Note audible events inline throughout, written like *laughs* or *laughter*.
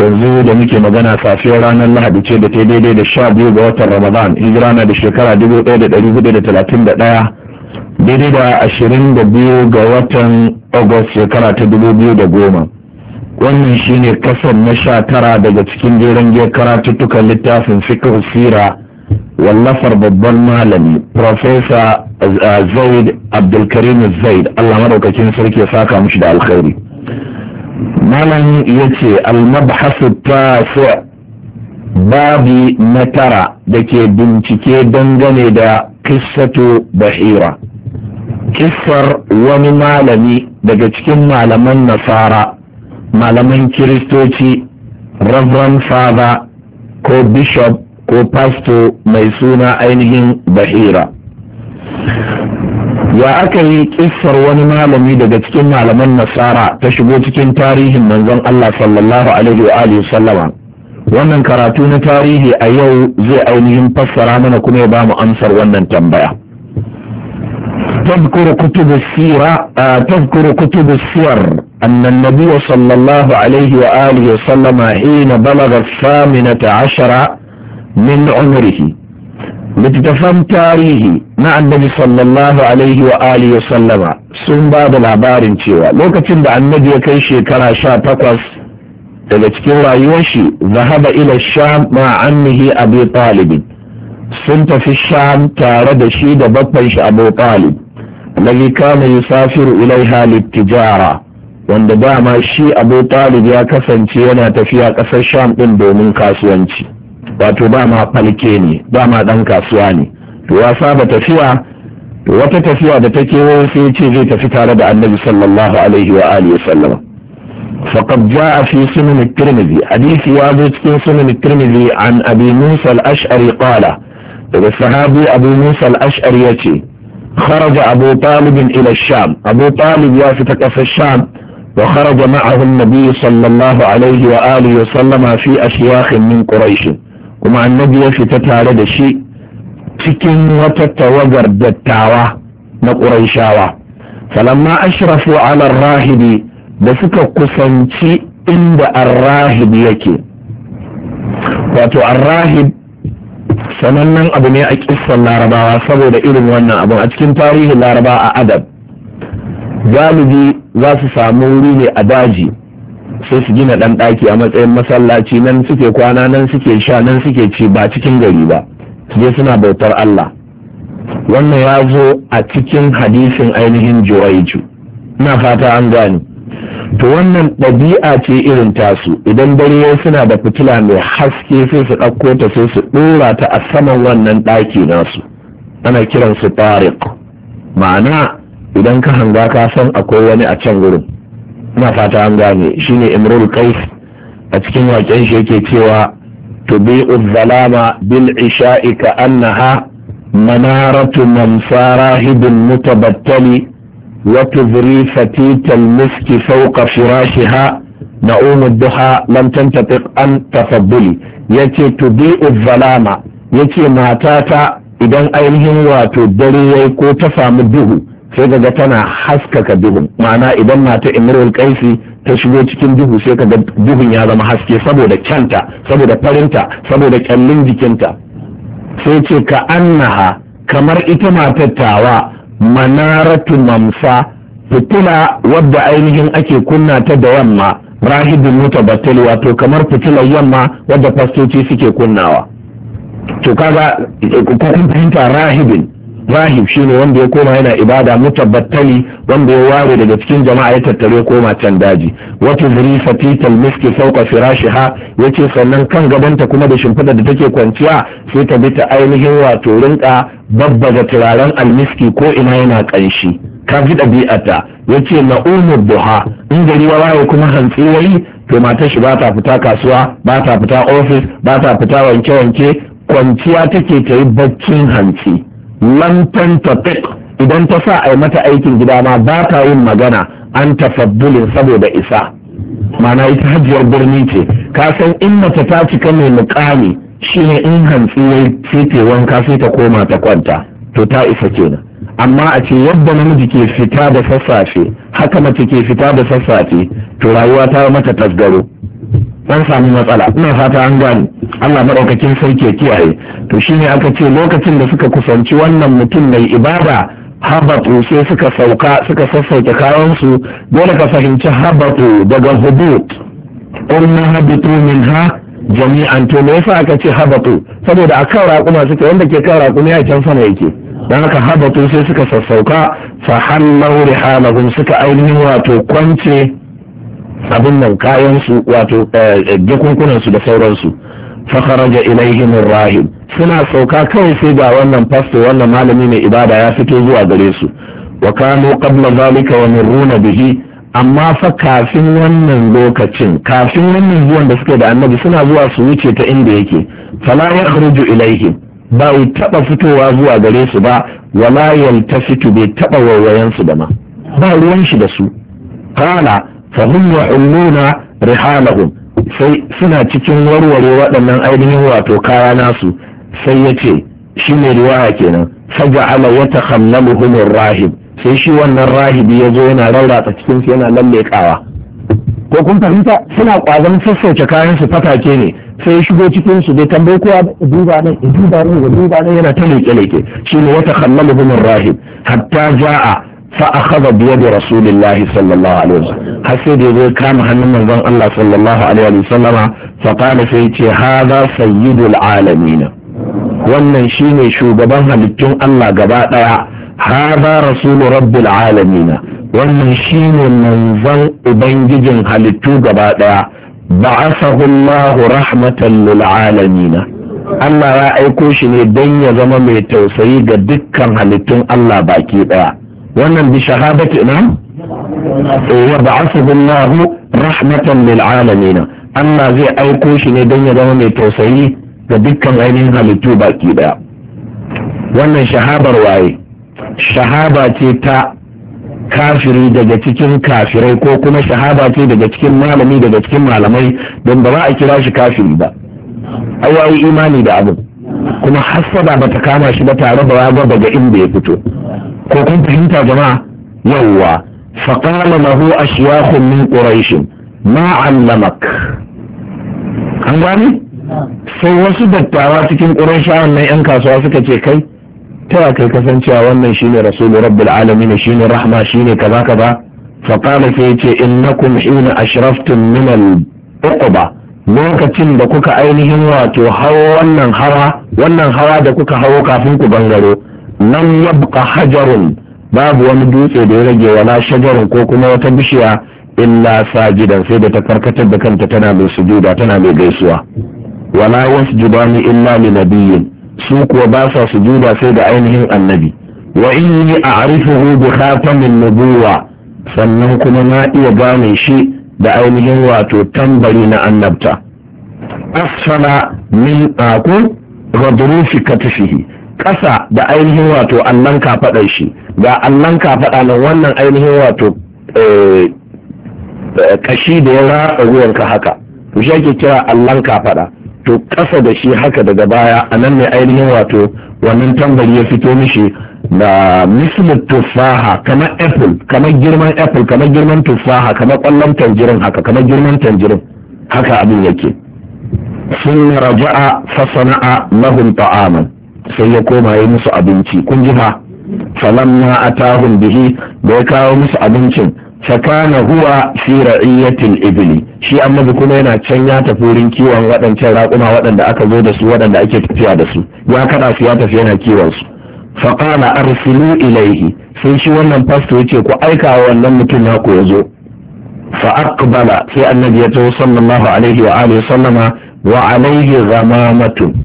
yanzu da muke magana safiyar ranar lahadi ce da ta daidai da sha biyu ga watan ramadan hijira na da shekara dubu ɗaya da ɗari hudu da talatin da ɗaya daidai da ashirin da biyu ga watan agus shekara ta dubu biyu da goma wannan shine kasar na sha tara daga cikin jeren giyar karatuttukan littafin fikir sira wallafar babban malami profesa uh, zaid abdulkarim zaid allah maɗaukakin sarki ya saka mushi da alkhairi malam ya ce almabhasu tasi babi na tara da ke bincike dangane da kissatu bahira kissar wani malami daga cikin malaman nasara malaman kiristoci reverend father ko bishop ko pastor mai suna ainihin bahira ya aka yi kissar wani malami daga cikin malaman nasara ta shigo cikin tarihin manzon Allah sallallahu alaihi wa alihi sallama wannan karatu na tarihi a yau zai ainihin fassara mana kuma ya bamu amsar wannan tambaya تذكر كتب السيرة تذكر كتب السير أن النبي صلى الله عليه وآله وسلم حين بلغ الثامنة عشر من عمره littattafan tarihi na annabi sallallahu alaihi wa alihi wa sallama sun ba da labarin cewa lokacin da annabi ya kai shekara sha takwas daga cikin rayuwar shi zahaba ila sham ma annihi abu talibin sun tafi sham tare da shi da bakwai shi abu talib alladhi kana yusafiru ilaiha littijara wanda dama shi abu talib ya kasance yana tafiya ƙasar sham ɗin domin kasuwanci wato ba ma falke ne ba ma dan kasuwa ne to ya saba tafiya to wata tafiya da take wani sai ya ce zai tafi tare da annabi sallallahu alaihi wa alihi wa sallam faqad jaa fi sunan at-tirmidhi hadithi ya zo cikin sunan at-tirmidhi an abi musa al-ash'ari qala daga sahabi abu musa al-ash'ari yace خرج أبو طالب إلى الشام أبو طالب يافت في الشام وخرج معه النبي صلى الله عليه وآله وسلم في أشياخ من قريش kuma annabi ya fita tare da shi cikin wata tawagar dattawa na ƙuraishawa falamma ashrafu ala rahibi da suka kusanci inda arrahib yake wato arrahib sanannen abu ne a kissan larabawa saboda irin wannan abu a cikin tarihin laraba a adab galibi za su samu wuri ne a daji sai su gina ɗan ɗaki a matsayin masallaci nan suke kwana nan suke sha nan suke ci ba cikin gari ba su je suna bautar Allah wannan ya zo a cikin hadisin ainihin juwaiju na fata an gane to wannan ɗabi'a ce irin tasu idan dare ya suna da fitila mai haske sai su ɗauko ta sai su ɗora ta a saman wannan ɗaki nasu ana kiran su tariq ma'ana idan ka hanga ka san akwai wani a can wurin. na fata an gane shine imrul qais a cikin waƙen shi yake cewa to bi uzzalama bil isha'i ka annaha manaratu man mamsara hibin mutabattali wa tuzri fatital miski fawqa firashiha na'um ad-duha lam tantatiq an tafadduli yace tubi'u zalama yace matata idan ainihin wato dare yayi ko ta samu duhu sai kaga tana haskaka duhun ma'ana idan mata imrul kaisi ta shigo cikin duhu sai kaga duhun ya zama haske saboda kyanta saboda farinta saboda kyallin jikinta sai ce ka annaha kamar ita matar tawa manaratu mamsa fitila wadda ainihin ake kunna ta da yamma rahibin mutabattil wato kamar fitilar yamma wadda fastoci suke kunnawa to kaga kun fahimta rahibin rahib shine wanda ya koma yana ibada mutabbatani wanda ya ware daga cikin jama'a ya tattare koma can daji wata zuri fatital miski sauka ha yace sannan kan gabanta kuma da shimfiɗa da take kwanciya sai ta bi ta ainihin wato rinka babbaga turaren almiski ko ina yana ƙanshi ka ji ɗabi'ata yace umar buha in gari ya kuma hantsi wai to matar shi ba ta fita kasuwa ba ta fita ofis ba ta fita wanke-wanke kwanciya take ta yi baccin hantsi lantan tafiq idan ta sa a yi mata aikin gida ma ba ta yin magana an tafabbulin saboda isa mana ita hajiyar birni ce ka san in mace ta cika mai mukami shine in hantsi ya ce wanka sai ta koma ta kwanta to ta isa kenan amma a ce yadda namiji ke fita da sassafe haka mace ke fita da sassafe to rayuwa ta mata tasgaro an sami matsala ina fata an gani Allah maɗaukakin sarki ya kiyaye to shine aka ce lokacin da suka kusanci wannan mutum mai ibada habatu sai suka sauka suka sassauke kayansu dole ka fahimci habatu daga hudud umma habitu ha jami'an to me yasa aka ce habatu saboda a kan raƙuma suke wanda ke kan raƙuma a can sama yake dan haka habatu sai suka sassauka fa hallu rihalahum suka ainihin wato kwance abin nan kayansu wato eh, eh, jakunkunansu da sauransu fakharaja ilaihim rahib suna sauka kawai sai ga wannan fasto wannan malami mai ibada ya fito zuwa gare su wa kanu qabla zalika wa miruna bihi amma fa kafin wannan lokacin kafin wannan zuwan da suke da annabi suna zuwa su wuce ta inda yake fala yakhruju ilaihim ba u taba fitowa zuwa gare su ba wala yaltafitu bai taba wayansu da ma ba ruwan shi da su kala fahim ya'ulluna rihalahum sai suna cikin warware waɗannan ainihin wato kaya nasu sai ya ce shi ne riwaya kenan faja'ala wa takhallaluhum rahib sai shi wannan rahibi ya zo yana rarratsa cikin su yana lallekawa ko kun fahimta suna kwazon sassauce kayan su fatake ne sai ya shigo cikin su bai tambayi kowa duba nan duba nan ya duba nan yana ta leke leke shi ne wata khallaluhum rahib hatta za'a fa akhadha bi yadi rasulillahi sallallahu alaihi wasallam har sai da zai kama hannun manzon Allah sallallahu alaihi wa sallama fa qala sai yace hadha sayyidul alamin wannan shine shugaban halittun Allah gaba daya hadha rasul rabbil alamin wannan shine manzon ubangijin halittu gaba daya ba'athahu Allah rahmatan lil alamin Allah ya aiko shi ne don ya zama mai tausayi ga dukkan halittun Allah baki daya wannan bi shahadati na Eh, wabaasu billahu rahmatan lilalamina allah zai aiko shi ne don ya zama mai tausayi ga dukkan ainihin halittu baki daya wannan shahabar waye shahaba ce ta kafiri daga cikin kafirai ko kuma shahaba ce daga cikin malami daga cikin malamai don ba a kira shi kafiri ba ayayi imani da abin kuma hassada ba ta kama shi ba tare da ya daga inda ya fito ko kun fahimta jama'a yawwa فقال له أشياخ من قريش ما علمك an gane sai wasu dattawa cikin ƙurashawan nan 'yan kasuwa suka ce kai ta ya kai kasancewa wannan shine rasulu rabbil alamin shine rahma shine kaza kaza fa qala sai yace innakum hina ashraftum min al uqba lokacin da kuka ainihin wato hawo wannan hawa wannan hawa da kuka hawo kafin ku bangaro Nan yabqa hajarun babu wani dutse da ya rage wala shagarin ko kuma wata bishiya illa sajidan sai da ta karkatar da kanta tana mai sujuda tana mai gaisuwa wala wasjudani illa li nabiyyin su kuwa ba sa sujuda sai da ainihin annabi wa inni a'rifuhu bi khatamin nubuwa sannan kuma na iya gane shi da ainihin wato tambari na annabta asfala min aqul غضروف كتفه ƙasa da ainihin wato allon kafaɗar shi ga allon kafaɗa nan wannan ainihin wato kashi eh, eh, da ya ratsa ruwanka haka to shi ake kira allon kafaɗa to ƙasa da shi haka daga baya a nan ne ainihin wato wannan tambari ya fito mishi da mislin tufaha kamar apple kamar girman apple kamar girman tufaha, kamar ƙwallon tanjirin haka kamar girman tanjirin haka abin yake sun raja'a fasana'a lahum ta'aman sai ya koma yi musu abinci kun ji ha salama a atahun bihi da ya kawo musu abincin sakana huwa fi ra'iyatil ibili shi annabi kuma yana can ya tafi wurin kiwon waɗancan raƙuma waɗanda aka zo da su waɗanda ake tafiya da su ya kaɗa su ya tafi yana kiwon su faƙala arsilu ilaihi sai shi wannan fasto yace ku aika wa wannan mutum naku ya zo fa aqbala sai annabi ya taho sallallahu alaihi wa alihi sallama wa alaihi ghamamatun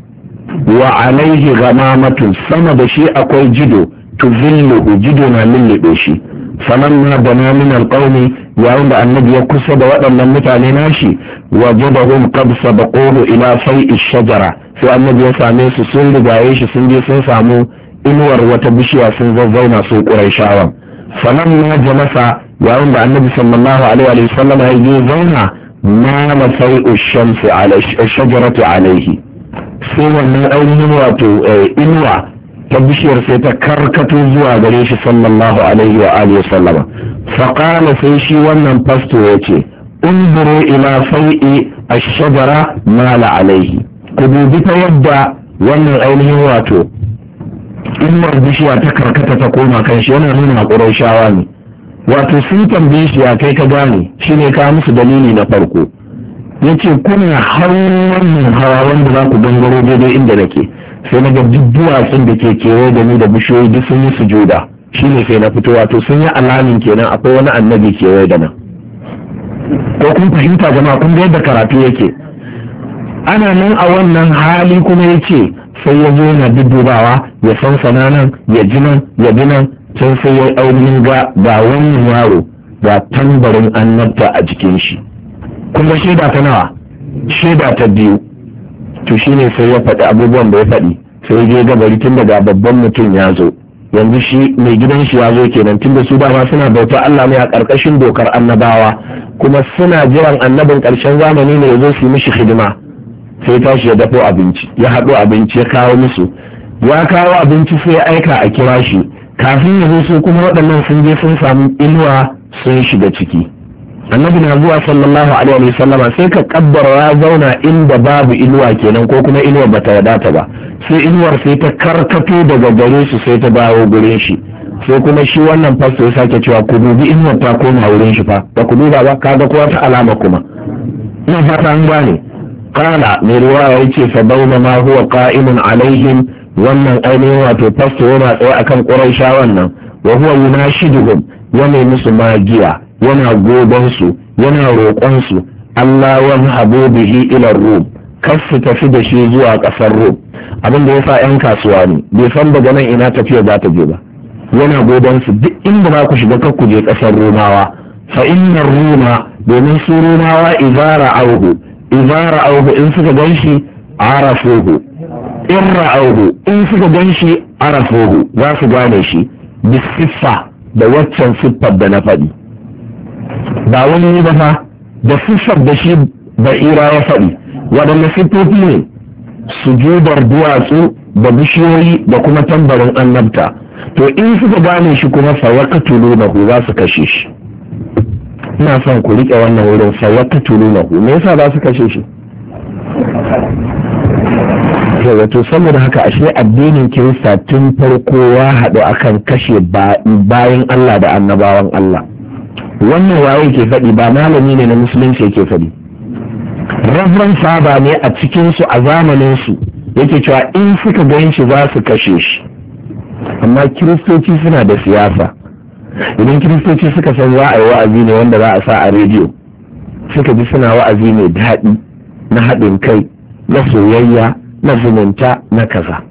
wa alaihi gamamatun sama da shi akwai jido tuzilluhu jido na lullube shi sanan na da namin alqawmi yayin da annabi ya kusa da waɗannan mutane nashi wajadahum qad sabaqulu ila sai'i shajara sai annabi ya same su sun rigaye shi sun je sun samu inuwar wata bishiya sun zazzauna su qurayshawan na jalasa yayin da annabi sallallahu alaihi wa sallam ya zauna ma sai'u shamsi ala shajarati alaihi sai wannan ainihin wato eh, inuwa ta bishiyar sai ta karkato zuwa gare shi sallallahu alaihi wa alihi wa sallama faqala sai shi wannan fasto yace unzuru ila sai'i ash-shajara mala alaihi ku dubi ta yadda wannan ainihin wato inuwar bishiya ta karkata ta koma kan shi yana nuna ƙurai shawa ne wato sun tambaye shi ya kai ka gane shine ka musu dalili na farko ya ce kuna har wannan hawa wanda za ku gangaro daidai inda nake sai na ga duk duwatsun da ke kewaye da ni da bishiyoyi duk sun yi sujuda shi ne sai na fito wato sun yi alamin kenan akwai wani annabi kewaye da nan ko kun fahimta jama'a kun ga yadda karatu yake ana nan a wannan hali kuma ya ce sai ya zo yana duddubawa ya san sananan ya ji nan ya bi nan can sai ya aunin ga Ba wani yaro ga tambarin annabta a jikin shi kuma shaida ta nawa shaida ta biyu to shine sai ya faɗi abubuwan da ya faɗi sai je gabari tun daga babban mutum ya zo yanzu shi mai gidan shi ya zo kenan tun da su dama suna bauta Allah ne a ƙarƙashin dokar annabawa kuma suna jiran annabin ƙarshen zamani ne ya zo su yi mishi hidima sai tashi ya dafo abinci ya haɗo abinci ya kawo musu ya kawo abinci sai ya aika a kira shi kafin ya zo su kuma waɗannan sun je sun samu inuwa sun shiga ciki annabi na zuwa sallallahu alaihi wa sallama sai ka kabbara zauna inda babu inuwa kenan ko kuma inuwar bata wadata ba sai inuwar sai ta karkato daga gare shi sai ta bawo gurin shi sai kuma shi wannan fasto ya sake cewa ku dubi inuwar ta koma wurin shi fa ba ku duba ba kaga ko wata alama kuma ina fata an gane kala mai ya ce fa bauna ma huwa qa'imun alaihim wannan ainihin wato fasto yana tsaye akan quraisha wannan wa huwa yunashiduhum ya musu magiya yana gobansu yana roƙonsu Allah wani habu bihi ila Rum kar su tafi da shi zuwa ƙasar Rum abin da ya sa 'yan kasuwa ne bai san daga nan ina tafiya za ta je ba yana gobansu duk inda za ku shiga kar je ƙasar Romawa fa innar Roma domin su Romawa ibara auhu ibara auhu in suka ganshi shi arafuhu in ra'auhu in suka shi arafuhu za su gane shi bisiffa da waccan siffar da na faɗi ba wani yi ba da siffar da shi ba'ira ya faɗi waɗanne siffofi ne sujudar duwatsu da bishiyoyi da kuma tambarin annabta to in suka gane shi kuma tulu na ku za su kashe shi ina son ku riƙe wannan wurin tulu na ku me yasa za su kashe shi wato saboda haka ashe addinin kirista tun farko ya haɗu akan kashe bayan Allah da annabawan Allah wannan waye ke faɗi ba malami ne na musulunci yake faɗi rabban Saba ne a cikin cikinsu a zamanin zamaninsu yake cewa in suka gan shi za su kashe shi amma kiristoci suna da siyasa idan kiristoci suka san za a yi wa'azi ne wanda za a sa a rediyo suka ji suna wa'azi mai daɗi na haɗin kai na soyayya na zumunta na kaza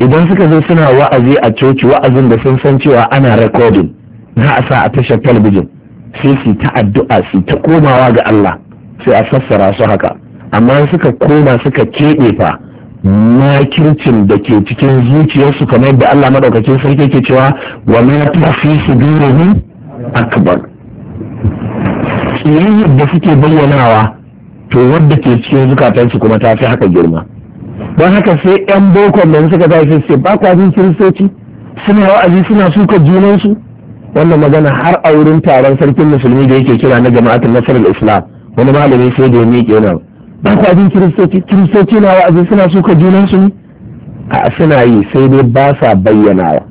idan suka zo suna wa'azi a coci wa'azin da sun san cewa ana rekodin za a sa a tashar talabijin sai su ta addu'a su ta komawa ga Allah sai a sassara su haka amma suka koma suka keɓe fa makircin da ke cikin zuciyarsu kamar da Allah madaukakin sarki ke cewa wa ma tufi sudurihim akbar tsiyayyar da suke bayyanawa to wadda ke cikin zukatansu kuma ta fi haka girma don haka sai yan bokon da suka tafi sai ba kwazin kiristoci suna wa'azi suna suka junansu wannan magana har a wurin taron sarkin musulmi da yake kira na jama'atul nasarar islam wani malami sai da ya miƙe nan ba ku ajin kiristoci kiristoci na wa'azi suna suka junan su a suna yi sai dai ba sa bayyanawa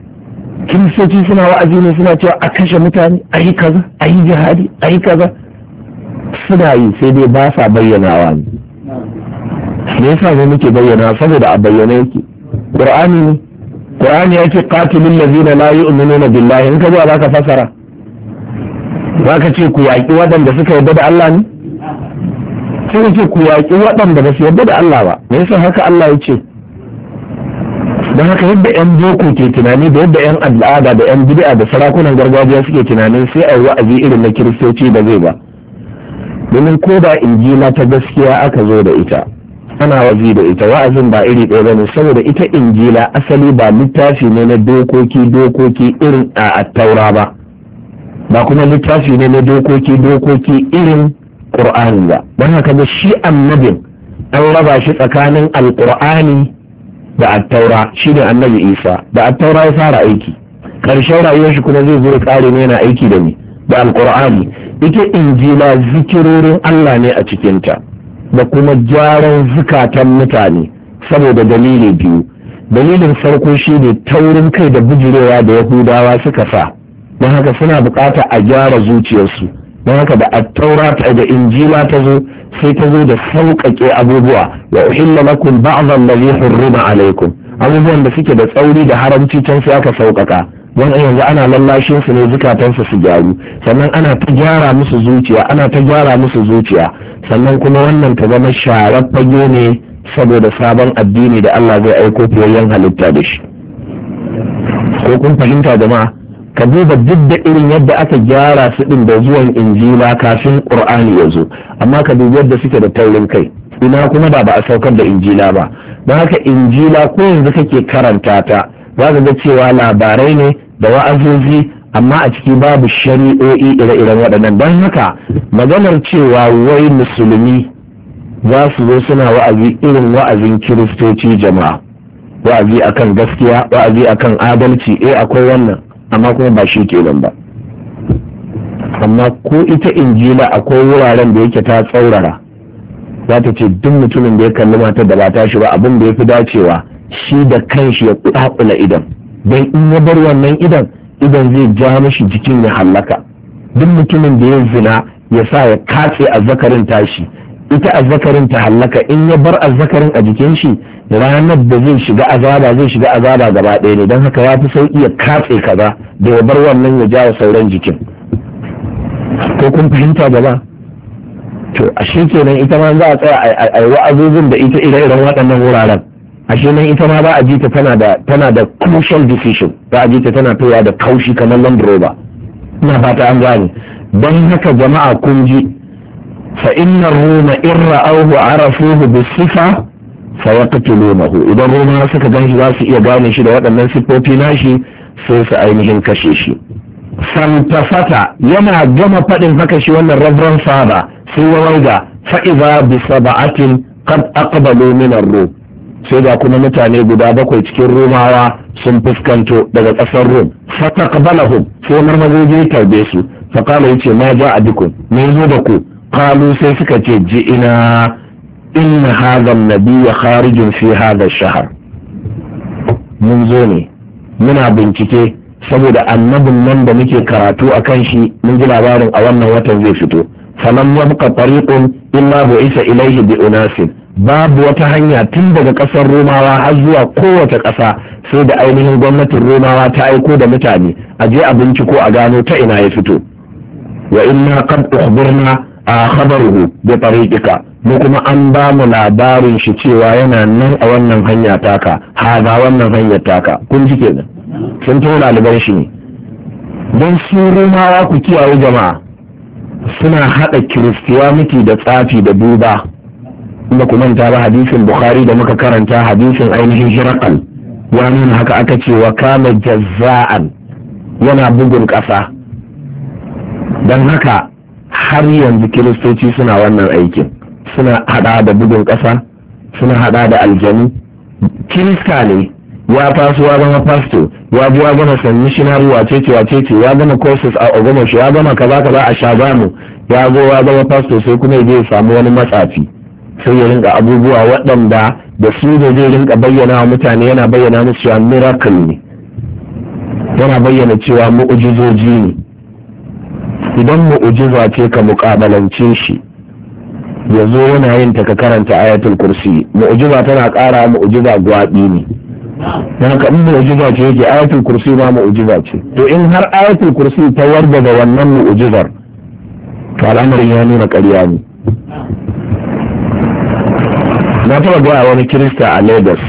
kiristoci suna wa'azi ne suna cewa a kashe mutane a yi kaza a yi jihadi a yi kaza suna yi sai dai ba sa bayyanawa ne sai yasa ne muke bayyana saboda a bayyana yake qur'ani ne qur'ani ya ce qatilul ladina la yu'minuna billahi in ka zo zaka fasara zaka ce ku yaƙi waɗanda suka yarda da Allah ne sai ce ku yaƙi waɗanda ba su yarda da Allah ba me yasa haka Allah ya ce don haka yadda yan boko ke tunani da yadda yan al'ada da yan bid'a da sarakunan gargajiya suke tunanin sai a yi wa'azi irin na kiristoci ba zai ba domin ko da injila ta gaskiya aka zo da ita ana wazi da ita wa'azin ba iri ɗaya bane saboda ita injila asali ba littafi ne na dokoki dokoki irin a taura ba ba kuma littafi ne na dokoki dokoki irin qur'ani ba don haka da shi annabin an raba shi tsakanin alqur'ani da attaura ne annabi isa da attaura ya fara aiki karshen rayuwar shi kuma zai zo kare ne yana aiki da ni da alqur'ani ita injila zikirorin Allah ne a cikinta da kuma gyaran zukatan mutane saboda dalilin biyu dalilin farko shi ne taurin kai da bijirewa da yahudawa suka sa don haka suna bukata a gyara zuciyarsu don haka da ta da injila ta zo sai ta zo da sauƙaƙe abubuwa wa uhilla lakum ba'dhal ladhi hurrima alaikum abubuwan da suke da tsauri da haramci can sai aka sauƙaƙa don yanzu ana lallashin su ne zukatansa su gyaru sannan ana ta gyara musu zuciya ana ta gyara musu zuciya sannan kuma wannan ta zama sharar fage ne saboda sabon addini da Allah zai aiko fiyayyen halitta da shi ko kun fahimta jama'a ka duba duk da irin yadda aka gyara su ɗin da zuwan injila kafin qur'ani ya zo amma ka dubi yadda suke da taurin kai ina kuma ba ba a saukar da injila ba don haka injila ko yanzu kake karanta ta za ga cewa labarai ne da wa'azozi amma a ciki babu shari'o'i ire-iren waɗannan don haka maganar cewa wai musulmi za su zo suna wa'azi irin wa'azin kiristoci jama'a wa'azi akan gaskiya wa'azi akan adalci e akwai wannan amma kuma ba shi kenan ba amma ko ita injila akwai wuraren da yake ta tsaurara za ta ce duk mutumin da ya kalli matar da ba ta shi ba abin da ya fi dacewa shi da kanshi ya kudakula idan don in ya bar wannan idan idan zai ja mashi jikin ya hallaka duk mutumin da ya zina ya sa ya katse azzakarin tashi ita azzakarin ta hallaka in ya bar azzakarin a jikin shi ranar da zai shiga azaba zai shiga azaba gaba ɗaya ne don haka ya fi sauƙi ya katse kaza da ya bar wannan ya ja sauran jikin ko kun fahimta gaba to ashe kenan ita ma za a tsaya a wa'azozin da ita ire-iren waɗannan wuraren ashe nan ita ma ba a jita tana da tana da crucial decision ba a ji ta tana da kaushi kamar land rover ina fata an gane don haka jama'a kun ji fa inna ruma in ra'awhu arafuhu bi sifa fa yaqtulunahu idan ruma suka ganshi za su iya gane shi da waɗannan siffofi nashi sai su ainihin kashe shi santafata yana gama faɗin haka shi wannan reverend father sai ya waiga fa'iza bi sab'atin qad aqbalu min ar sai ga kuma mutane guda bakwai cikin romawa sun fuskanto daga ƙasar rom fataqbalahum sai marmazoji ya tarbe su fakala yace ma ja abikum me zo da ku kalu sai suka ce ji ina inna hadha na biyu kharijun fi hadha shahar mun zo ne muna bincike saboda annabin nan da muke karatu a kan shi mun ji labarin a wannan watan zai fito falam yabqa tariqun illa isa ilaihi bi unasin babu wata hanya tun daga ƙasar romawa har zuwa kowace ƙasa sai da ainihin gwamnatin romawa ta aiko da mutane a je a binciko a gano ta ina ya fito wa inna kan ukhbirna a khabaruhu bi tariqika mu kuma an ba mu labarin shi cewa yana nan a wannan hanya taka haza wannan hanyar taka kun ji kenan sun to ɗaliban shi ne don su romawa ku kiyaye jama'a suna haɗa kiristiyaniti da tsafi da duba ba ku manta ba hadisin bukhari da muka karanta hadisin ainihin hirakal ya nuna haka aka ce wa kama jazza'an yana bugun ƙasa don haka har yanzu kiristoci suna wannan aikin suna hada da bugun ƙasa suna hada da aljanu kirista ne ya faso ya gama pasto ya bi ya gama san missionary wace ce wace ce ya gama courses a ogomoshi ya gama kaza kaza a shazamu ya zo ya gama pasto sai kuma ya je ya samu wani matsafi sai ya rinka abubuwa waɗanda da su da zai rinka bayyana wa mutane yana bayyana musu cewa miracle ne yana bayyana cewa mu'ujizoji ne idan mu'ujiza ce ka muƙabalance shi ya zo yana yin ta ka karanta ayatul kursi mu'ujiza tana ƙara mu'ujiza gwaɓi ne don haka in mu'ujiza ce yake ayatul kursi ma mu'ujiza ce to in har ayatul kursi ta warda da wannan mu'ujizar to al'amarin ya nuna ƙarya ne na fara gaya wani kirista a lagos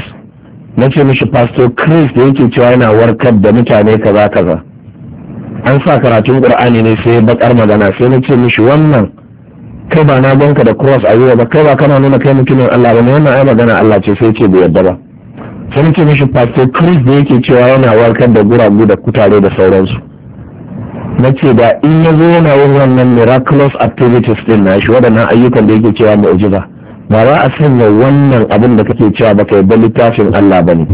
na ce mishi pastor chris da yake cewa yana warkar da mutane kaza kaza an sa karatun qur'ani ne sai bakar magana sai na ce mishi wannan kai ba na gonka da cross a yiwa ba kai ba kana nuna kai mutumin allah ba ne wannan ai magana allah ce sai ce bai yadda ba sai na ce mishi pastor chris da yake cewa yana warkar da guragu da kutare da sauransu na ce da in ya zo yana yin wannan miraculous activities din na shi waɗannan ayyukan da yake cewa mu'jiza ba za a sanya wannan abin da kake cewa baka ba littafin Allah ba ne.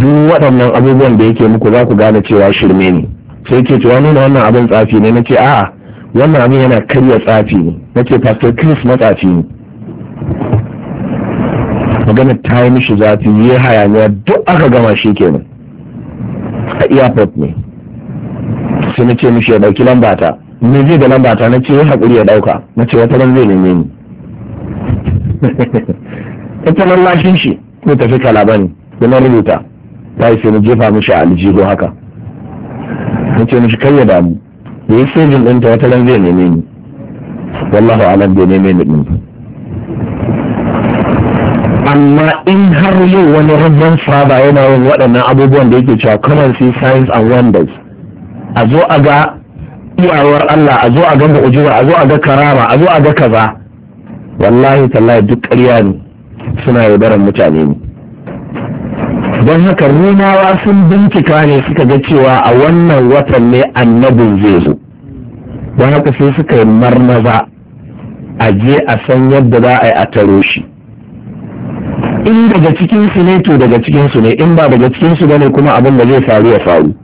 duk waɗannan abubuwan da yake muku za ku gane cewa shirme ne sai ke cewa nuna wannan abin tsafi ne ce a'a wannan abin yana karya tsafi ne nace pastor Chris matsafi ne magana ta yi mishi zafi yi hayaniya duk aka gama shi nan a airport ne sai na ce mishi ya ɗauki lambata me zai da lambata na ce ya haƙuri ya ɗauka? na ce wata ran zai neme ni *laughs* ita lallashin shi ko tafi kalaba ne da na rubuta ta yi sai mu jefa mishi a aljihu haka na ce mishi kai ya damu da yi sojin ɗinta wata ran zai neme ni wallahu alam bai neme ni ɗin amma in har yau wani rabban saba yana yin waɗannan abubuwan da yake cewa kamar sai signs and wonders a zo a ga iyawar Allah a zo a ga mu'jiza a zo a ga karama a zo a ga kaza wallahi tallahi duk ƙarya ne suna yaudaran mutane ne don haka rumawa sun bincika ne suka ga cewa a wannan watan ne annabin zai zo don haka sai suka yi marmaza a je a san yadda za a yi a taro shi in daga cikin ne to daga cikin su ne in ba daga cikin su bane kuma abin da zai faru ya faru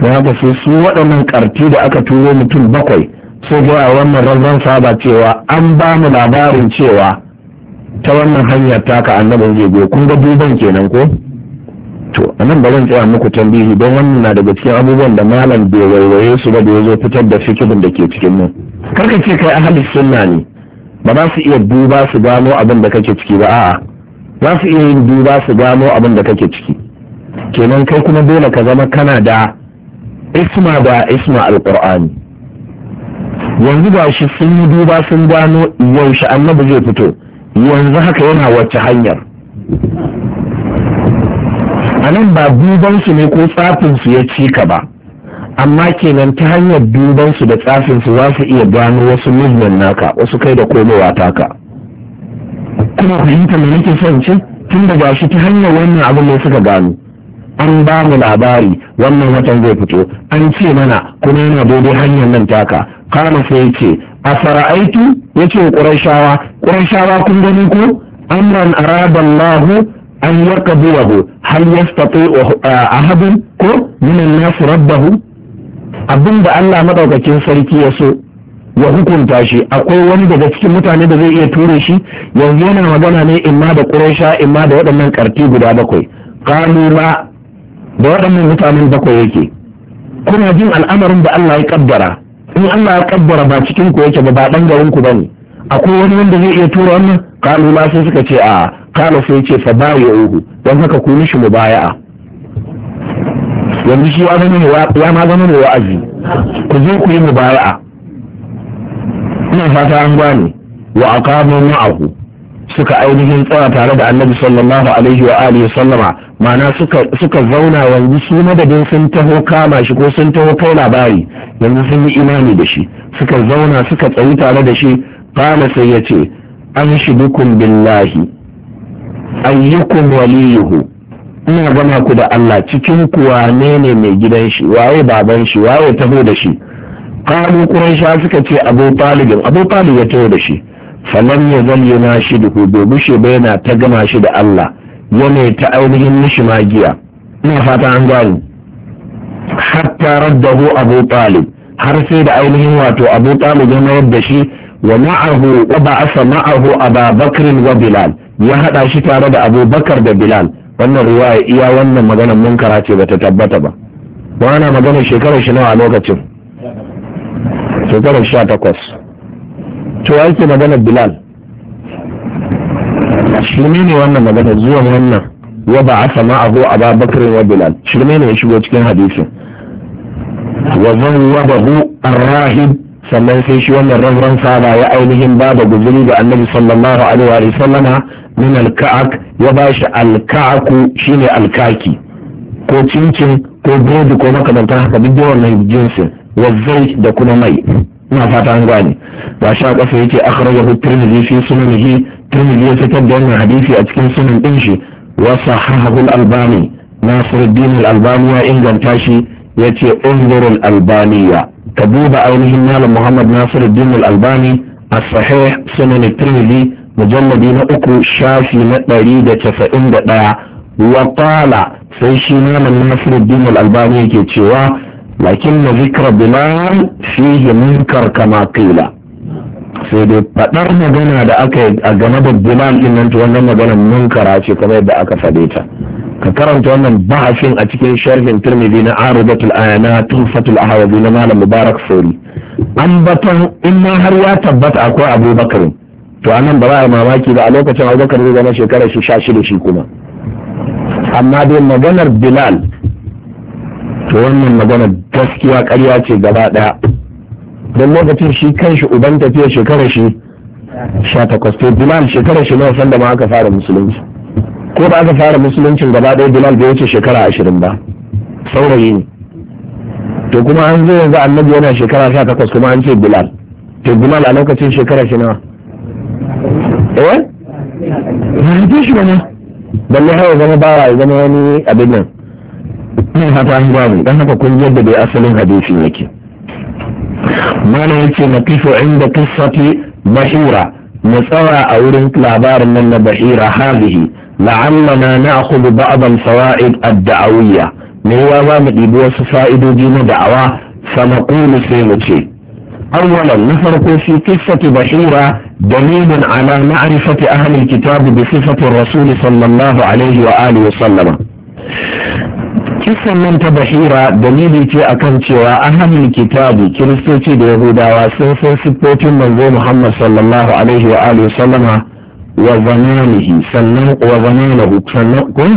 don haka sai su waɗannan ƙarti da aka turo mutum bakwai sai dai a wannan ranzan saba cewa an ba mu labarin cewa ta wannan hanyar taka annabin zai go kun ga duban kenan ko to anan ba zan tsaya muku tambihi don wannan na daga cikin abubuwan da malam bai waiwaye su ba da yazo fitar da fikirin da ke cikin mu karka ce kai ahli sunna ne ba za su iya duba su gano abin da kake ciki ba a'a za su iya yin duba su gano abin da kake ciki kenan kai kuma dole ka zama kana da isma da isma alqur'ani yanzu ga shi sun yi duba sun gano yaushe annabi zai fito yanzu haka yana wacce hanyar a nan ba dubansu ne ko tsafinsu ya cika ba amma kenan ta hanyar dubansu da tsafinsu za su iya gano wasu movement naka wasu kai da komowa taka kuma fahimta mai nake son ce tun da shi ta hanyar wannan abin ne suka gano an ba mu labari wannan watan zai fito an ce mana kuma yana daidai hanyar nan taka kama sai ya ce a fara'aitu ya ce ƙurashawa ƙurashawa kun gani ko amran araban lahu an yarka buwahu hal a ahadun ko minan nasu rabbahu abin da Allah madaukakin sarki ya so ya hukunta shi akwai wani daga cikin mutane da zai iya ture shi yanzu yana magana ne imma da ƙurasha imma da waɗannan ƙarti guda bakwai kalula da waɗannan mutanen bakwai yake kuna jin al'amarin da Allah ya kaddara in Allah ya kabbara ba cikin ku yake ba ba dan garin ku bane akwai wani wanda zai iya tura wannan kalu ma sai suka ce a kalu sai ce fa ba ya uhu don haka ku mishi mubaya'a yanzu shi ya zama ya ma zama ne wa'azi ku zo ku yi mubaya'a ina fata an gane wa aqamu ma'ahu suka ainihin tsaya tare da annabi sallallahu alaihi wa alihi sallama ma'ana suka zauna yanzu su madadin sun taho kama shi ko sun taho kai labari yanzu sun yi imani da shi suka zauna suka tsayi tare da shi kana sai ce, an shi dukun billahi ayyukun waliyuhu ina gama ku da Allah cikin ku wane ne mai gidan shi waye baban shi waye taho da shi qalu quraisha suka ce abu talibin abu talib ya taho da shi falam ya zal na shi da bai bushe bai na ta gama shi da Allah yana ta ainihin mishi magiya ina fata an gano hatta raddahu abu talib har sai da ainihin wato abu talib ya mayar da shi wa ma'ahu wa ba'asa ma'ahu aba bakr wa bilal ya hada shi tare da abu bakar da bilal wannan riwaya iya wannan maganar munkara ce bata tabbata ba wana maganar shekarar shi nawa a lokacin shekarar sha takwas to yake maganar bilal shirme ne wannan magana zuwan wannan wa ba a sama abu a ba bakirin wa bilal shirme ne ya shigo cikin hadisin wa zan wa bahu arrahib sannan sai shi wannan rabran saba ya ainihin ba da guzuri ga annabi sallallahu alaihi wa sallama min alka'ak ya ba shi alka'aku shine alkaki ko cincin ko burodi ko makamantar haka duk wannan jinsin wa zai da kuma mai ina fata an gane ba sha kasa yake akhrajahu tirmidhi fi sunanihi tirmidhi ya fitar da wannan hadisi a cikin sunan din shi wa sahahahu al-albani nasiruddin al-albani ya inganta shi yace unzur al-albaniya ka duba ainihin malam muhammad nasiruddin al-albani as-sahih sunan tirmidhi mujalladi na uku shafi na ɗari da casa'in da ɗaya wa sai shi malam nasiruddin al-albani yake cewa lakin na zikra bilal fihi munkar kama qila sai dai fadar magana da aka yi a game da bilal din nan wannan maganar munkara ce kamar yadda aka faɗe ta ka karanta wannan bahasin a cikin sharhin turmidi na aridatul ayana tuhfatul ahawazi na malam mubarak sori an in ma har ya tabbata akwai abubakar to anan ba za a mamaki ba a lokacin abubakar zai zama shekarar shi sha shi kuma amma dai maganar bilal to wannan magana gaskiya ƙarya ce gaba ɗaya don lokacin shi kanshi uban tafiya shekara shi sha takwas to bilal shekara shi nawa sanda ma aka fara musulunci ko ba aka fara musuluncin gaba ɗaya bilal bai wuce shekara ashirin ba saurayi ne to kuma an zo yanzu annabi yana shekara sha takwas kuma an ce bilal to bilal a lokacin shekara shi nawa eh ba shi ba ne balle hawa zama bawa ya zama wani abin nan ne haka an babu dan haka kun yadda bai asalin hadisi yake mana yake na kifo inda kisati bahira mu tsara a wurin labarin nan na bahira halihi la'allana na'khudhu ba'd al-fawaid ad-da'awiyya me yawa za mu ɗibi wasu fa'idoji na da'awa sanaqulu sai mu ce أولا نفرق في قصة بحيرة دليل على معرفة أهل الكتاب بصفة الرسول صلى الله عليه وآله وسلم kisan nan ta bahira dalili ce akan cewa ahlul kitabu kiristoci da yahudawa sun san siffofin manzo muhammad sallallahu alaihi wa alihi sallama wa zamanihi sannan wa zamanahu sannan kun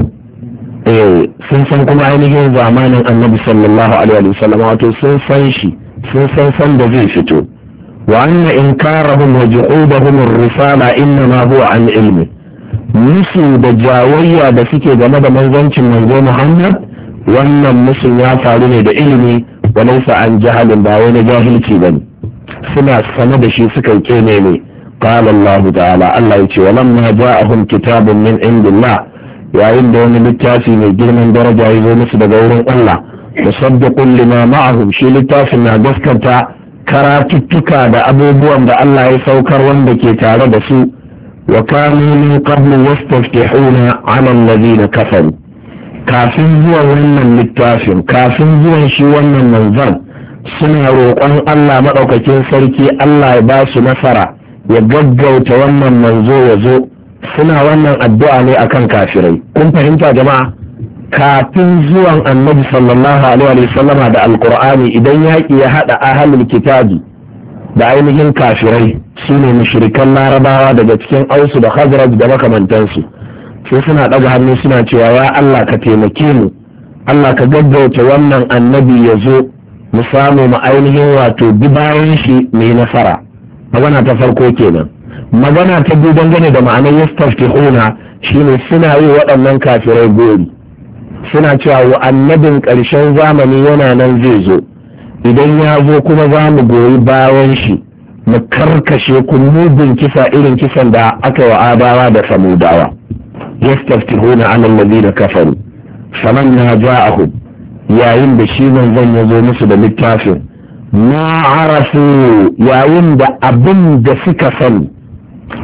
eh sun san kuma ainihin zamanin annabi sallallahu alaihi wa sallama wato sun san shi sun san san da zai fito wa anna inkarahum wa juqudahum ar-risala innama huwa an ilmi musu da jawayya da suke game da manzancin manzo muhammad wannan musun ya faru ne da ilimi wa laysa an jahalin ba na jahilci ne. suna sane da shi suka yi ne ne qala Allah ta'ala Allah yace walamma ja'ahum kitabun min indillah yayin da wani littafi mai girman daraja ya zo musu daga wurin Allah musaddiqun lima ma'ahum shi littafin na gaskata karatuttuka da abubuwan da Allah ya saukar wanda ke tare da su wa kanu min qablu yastaftihuna 'ala alladhina kafaru kafin zuwan wannan littafin kafin zuwan shi wannan manzan suna roƙon Allah maɗaukakin sarki Allah ya ba su nasara ya gaggauta wannan manzo ya zo suna wannan addu'a ne a kan kafirai kun fahimta jama'a kafin zuwan annabi sallallahu alaihi wa sallama da alqur'ani idan yaƙi ya haɗa halin kitabi da ainihin kafirai su ne mushrikan larabawa daga cikin ausu da khazraj da makamantansu sai suna ɗaga hannu suna cewa ya Allah ka taimake mu Allah ka gaggauta wannan annabi ya zo mu samu mu ainihin wato bi bayan shi mai nasara magana ta farko kenan magana ta biyu dangane da ma'anar yastaftihuna shine suna yi waɗannan kafirai gori suna cewa wa annabin ƙarshen zamani yana nan zai zo idan ya zo kuma za mu goyi bayan shi mu karkashe ku bin kisa irin kisan da aka wa adawa da samudawa yastaftihuna ala alladhina kafaru falamma ja'ahum yayin da shi manzon ya zo musu da littafin na arafu yayin da abin da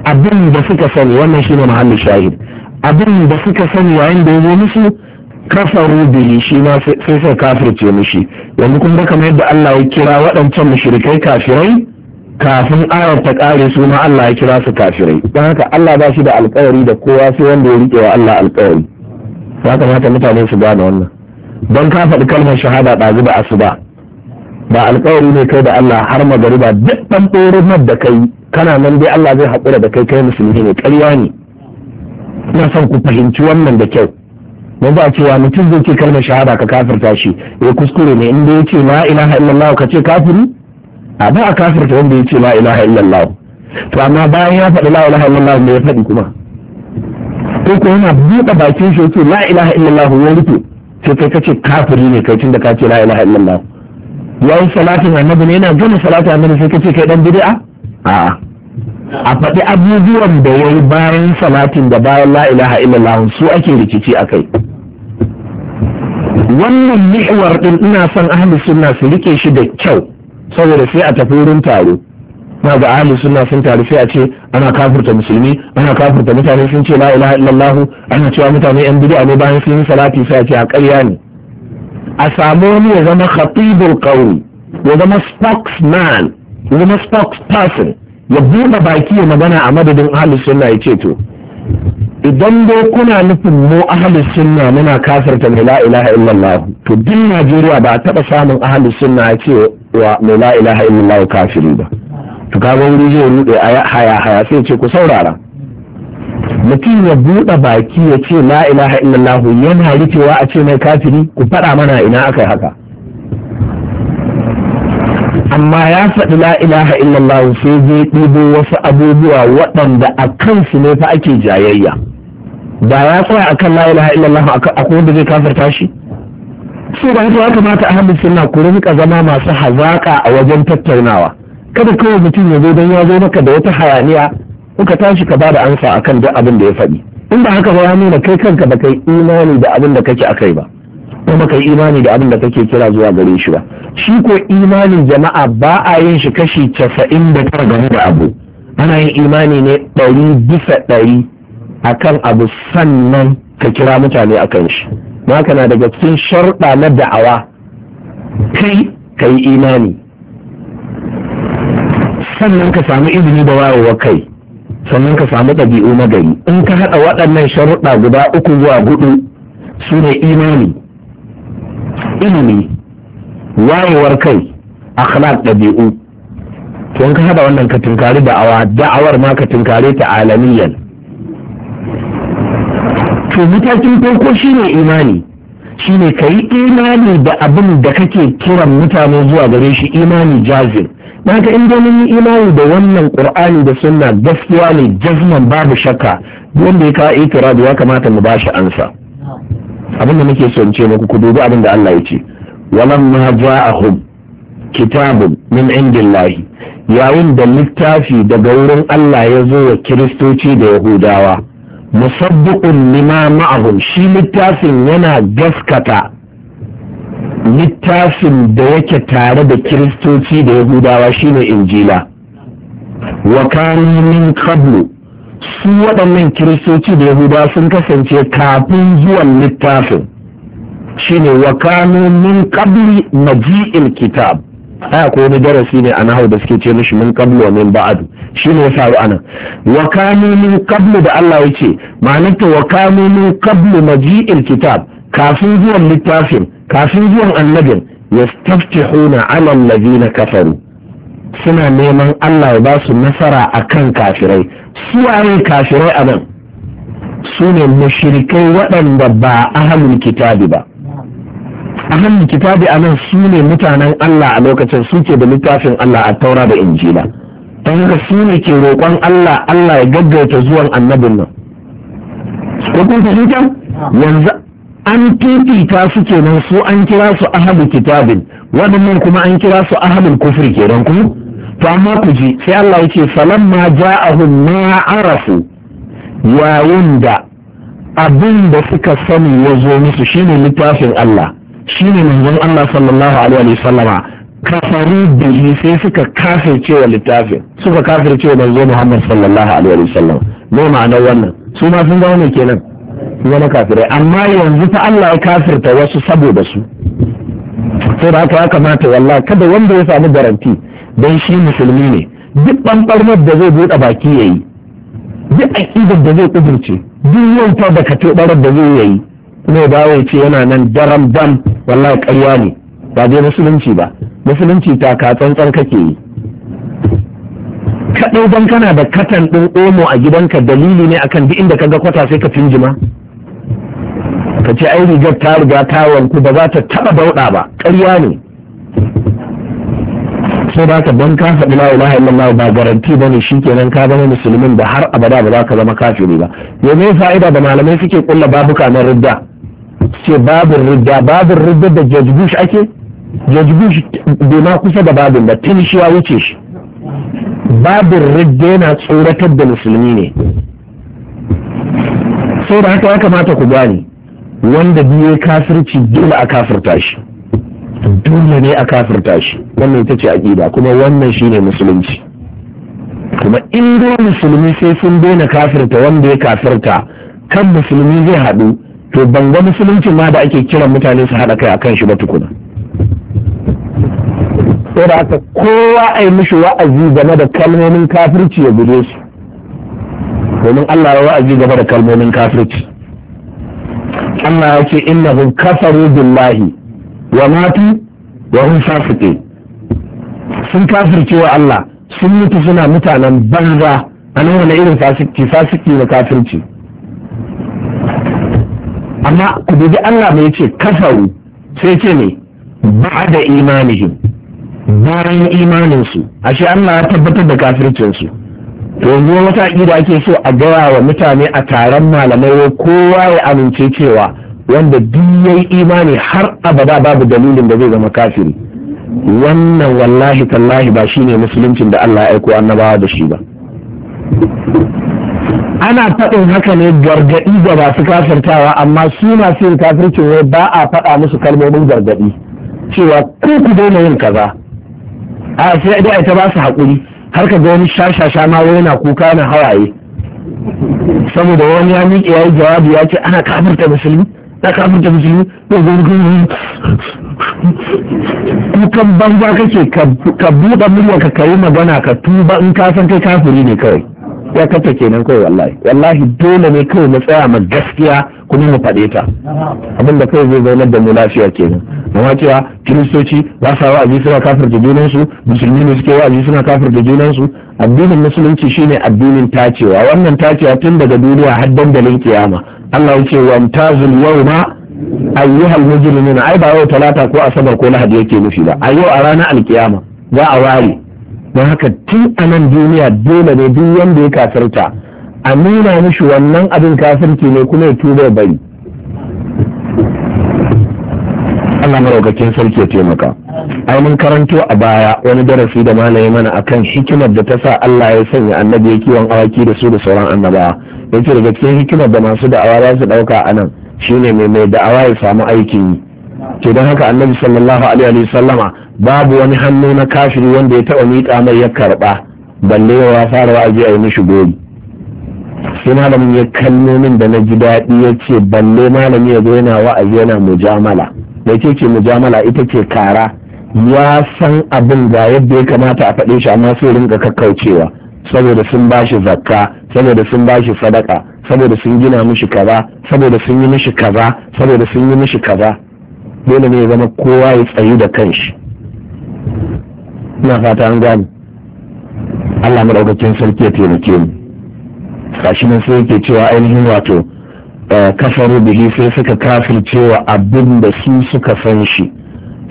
abin da suka sani wannan shi ne mahallin shahid abin da suka sani yayin da ya zo musu kafaru shi ma sai sai kafirce mishi yanzu kun ga kamar yadda Allah ya kira waɗancan mushrikai kafirai kafin ayar ta kare su ma Allah ya kira su kafirai don haka Allah ba shi da alkawari da kowa sai wanda ya rike wa Allah alkawari ya kamata mutane su da wannan don ka faɗi kalmar shahada ɗazu da asuba ba alkawari ne kai da Allah har magariba duk ɗan ɗorin da kai kana nan dai Allah zai haƙura da kai kai musulmi ne ƙarya ne ina son ku fahimci wannan da kyau don ba cewa mutum zai ce kalmar shahada ka kafirta shi ya kuskure ne in ya ce la ina illallah ka ce kafiri a ba a kafirta wanda ya ce la ilaha illallah to amma bayan ya faɗi la ilaha illallah me ya faɗi kuma ko ko yana buɗe bakin shi yake la ilaha illallah ya rufe sai kai kace kafiri ne kai tunda ka ce la ilaha illallah yayin salatin annabi ne yana gama salatin annabi sai kace kai dan bid'a a'a a faɗi abubuwan da ya yi bayan salatin da bayan la ilaha illallah su ake rikici a kai wannan ni'war ɗin ina son ahli sunna su rike shi da kyau saboda sai a tafi wurin taro na ga ahli sunna sun taru sai a ce ana kafurta musulmi ana kafurta mutane sun ce la ilaha illallah ana cewa mutane yan bid'a ne bayan sun yi salati sai a ce a ƙarya ne a samu wani ya zama khatibul qawl ya zama spokesman ya zama spokesperson ya buɗe baki ya magana a madadin ahli sunna ya ce to idan dai kuna nufin mu ahalus sunna muna kasarta mai la ilaha illallah to duk Najeriya ba a taba samun ahli sunna ya ce wa mai la ilaha illallah kafiri ba to kaga wuri zai rude haya haya sai ce ku saurara mutum ya buɗe baki ya ce la ilaha illallah yana rikewa a ce mai kafiri ku faɗa mana ina aka haka amma ya faɗi la ilaha illallah sai zai ɗibo wasu abubuwa waɗanda a kansu ne fa ake jayayya Ba ya tsaya akan la ilaha illallah a wanda zai kafirta shi su ba ya kamata a hannun suna ku rika zama masu hazaƙa a wajen tattaunawa kada kawai mutum ya zo don ya zo maka da wata hayaniya kuka tashi ka bada ansa akan duk abin da ya faɗi in ba haka ba ya nuna kai kanka ba kai imani da abin da kake kai ba kuma kai imani da abin da kake kira zuwa gare shi ba shi ko imanin jama'a ba a yin shi kashi casa'in da tara game da abu ana yin imani ne ɗari bisa ɗari a kan abu sannan ka kira mutane akan shi Maka na daga cikin sharɗa na da'awa kai ka yi imani sannan ka samu izini da wayewa kai sannan ka samu ɗabi'u magari in ka haɗa waɗannan sharuɗa guda uku zuwa hudu su ne imani ilimi wayewar kai akhlaq dabi'u, to ka haɗa wannan ka tunkari awa da'awar ma ka tunkare ta alamiyan to mutakin farko shine imani shine ka imani da abin da kake kiran mutane zuwa gare shi imani jazir na ka inda mun yi imani da wannan qur'ani da sunna gaskiya ne jazman babu shakka wanda ya kawo itiradu ya kamata mu bashi ansa abin da muke in ce muku ku dubi abin da Allah ya ce mahaja a kitabun in indillahi yayin da littafi daga wurin Allah ya zo wa kiristoci da yahudawa musaddiqun lima ma'ahum shi littafin yana gaskata littafin da yake tare da kiristoci da yahudawa shine injila wa kanu qablu su waɗannan kiristoci da yahudawa sun kasance kafin zuwan littafin shine wa kanu min qabli maji'il kitab aya ko wani darasi ne a nahau da suke ce mishi min qablu wa min ba'du shine ya faru anan wa kanu min qablu da Allah ya ce ma'anarta wa kanu min qablu maji'il kitab kafin zuwan littafin kafin zuwan annabin yastaftihuna 'ala na kafaru suna neman Allah ya ba su nasara akan kafirai su waye kafirai anan su ne mushrikai waɗanda ba ahalin kitabi ba ahlul kitabi anan su ne mutanen Allah a lokacin suke da littafin Allah a taura da injila don haka su ne ke roƙon Allah Allah ya gaggauta zuwan annabin nan ko shi fahimta yanzu an fifita su nan su an kira su ahlul kitabin waɗannan kuma an kira su ahlul kufri kenan kuma? to amma ku ji sai Allah yake ma ja'ahum ma arafu yayin da abin da suka sani ya zo musu shine littafin Allah Shi ne manzon Allah sallallahu alaihi wa sallama kafaru da shi sai suka kafe cewa littafin suka kafirce cewa manzo Muhammad sallallahu alaihi wa sallam me ma'anar wannan su ma sun zama ne kenan zama kafirai amma yanzu ta Allah ya kafirta wasu saboda su sai da haka ya kamata wallahi kada wanda ya samu garanti don shi musulmi ne duk ɓanɓarnar da zai buɗe baki ya yi duk aƙidar da zai ƙudurce duk yautar da ka barar da zai yayi ne ba wai ce yana nan daram dam wallahi ƙarya ne ba dai musulunci ba musulunci ta ka tsantsan kake yi kaɗai dan kana da katan ɗin omo a gidanka dalili ne akan duk inda ka ga kwata sai ka finjima ka ce ai rigar ta riga ta wanku ba za ta taɓa bauɗa ba ƙarya ne sai ba ka don ka faɗi la ilaha illallah ba garanti shi kenan ka zama musulmin da har abada ba za ka zama kafiri ba yanzu fa'ida da malamai suke kulla babuka na ridda ce babin rida babin rida da George Bush ake George Bush bai ma kusa da babin ba tun shi ya wuce shi babin rida yana tsoratar da musulmi ne sai da haka ya kamata ku gani wanda biye kafirci dole a kafirta shi dole ne a kafirta shi wannan ita ce aƙida kuma wannan shine musulunci kuma in musulmi sai sun daina kafirta wanda ya kafirta kan musulmi zai haɗu to ban ga musulunci ma da ake kiran mutane su haɗa kai a kan shi ba tukuna da aka kowa a yi mishi wa'azi game da kalmomin kafirci ya guje su domin Allah ya wa'azi game da kalmomin kafirci Allah ya ce innahum kafaru billahi wa matu wa hum fasiqin sun kafirce wa Allah sun mutu suna mutanen banza a nan wani irin fasiki fasiki da kafirci amma ku dubi Allah mai ce kafaru sai ce ne ba da imanihim bayan imaninsu ashe Allah ya tabbatar da kafircinsu to yanzu wata aƙida ake so a gaya wa mutane a taron malamai kowa ya amince cewa wanda duk yayi imani har abada babu dalilin da zai zama kafiri wannan wallahi tallahi ba shine musuluncin da Allah ya aiko annabawa da shi ba ana faɗin haka ne gargaɗi ga masu kafirtawa amma su masu yin kafircin wai ba a faɗa musu kalmomin gargaɗi cewa ko ku daina yin kaza a sai dai ita ba su haƙuri har ka ga wani shashasha ma wai na kuka na hawaye saboda wani ya miƙe ya yi jawabi ya ce ana kafirta musulmi na kafirta musulmi ko gurgun kukan banza kake ka buɗe murya ka kayi magana ka tuba in ka san kai kafiri ne kawai ya kace kenan kawai wallahi wallahi dole ne kawai mu tsaya ma gaskiya kuma mu faɗe ta abin da kawai zai zaunar da mu lafiya kenan amma cewa kiristoci ba sa wa'azi suna kafir da junan su musulmi ne suke wa'azi suna kafir da junan su addinin musulunci shine addinin tacewa wannan tacewa tun daga duniya har dandalin kiyama Allah ya ce mtazul yawma ayyuhal mujrimuna ai ba yau talata ko asabar ko lahadi yake nufi ba a yau a ranar alkiyama za a ware don haka tun a nan duniya dole ne duk wanda ya kafirta a nuna mishi wannan abin kafirci ne kuma ya tuba bari Allah maraukakin sarki ya taimaka ai mun karanto a baya wani darasi da malami mana akan hikimar da ta sa Allah ya sanya annabi ya kiwon awaki da su da sauran annabawa yace daga cikin hikimar da masu da'awa za su dauka a nan shine mai mai da'awa ya samu aikin yi to don haka annabi sallallahu alaihi wa sallama babu wani hannu na kafiri wanda ya taɓa miƙa mai ya karba, balle ya fara wa'azi a yi mishi gori sai malamin ya kallo min da na ji daɗi ya ce balle malami ya zo yana wa'azi yana mujamala da ke ce mujamala ita ce kara ya san abin ga yadda ya kamata a faɗe shi amma sai rinka kakkaucewa saboda sun ba shi zakka saboda sun ba shi sadaka saboda sun gina mishi kaza saboda sun yi mishi kaza saboda sun yi mishi kaza dole ne ya zama kowa ya tsayu da kanshi ina fata an gani Allah maɗaukakin sarki ya taimake mu shi nan sai yake cewa ainihin wato eh, kafaru bihi sai suka cewa abin da su suka san shi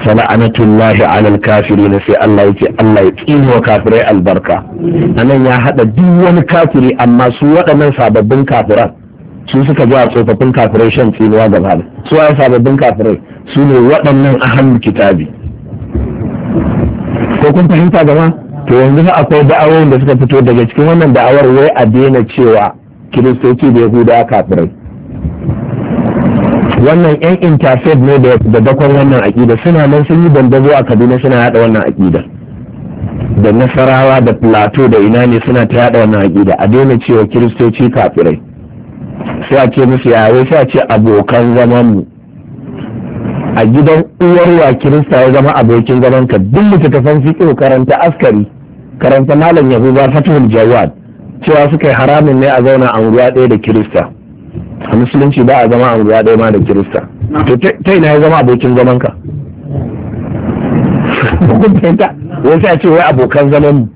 fala'anatullahi alal na sai Allah yake Allah ya wa kafirai albarka A nan ya haɗa duk wani kafiri amma su waɗannan sababbin kafiran su suka ji a tsofaffin kafirai shan tsinuwa gaba da su waye sababbin kafirai su ne waɗannan hannun kitabi ko kun fahimta gama to yanzu fa akwai da'awoyin da suka fito daga cikin wannan da'awar wai a daina cewa kiristoci da yahuda kafirai wannan yan intaset ne da dakon wannan aƙida suna nan sun yi dandazo a kaduna suna yada wannan aƙida da nasarawa da plateau da ina ne suna ta yada wannan aƙida a daina cewa kiristoci kafirai sai a ce musu yawai sai a ce abokan zamanmu. mu a gidan uwarwa kirista ya zama abokin zaman ka duk littattafan fiqh karanta askari karanta malam ba fatihul jawad cewa suka yi haramin ne a zauna unguwa ɗaya da kirista a musulunci ba a zama unguwa ɗaya ma da kirista to ta ina ya zama abokin zaman ka *laughs* wai sai a ce wai abokan zaman mu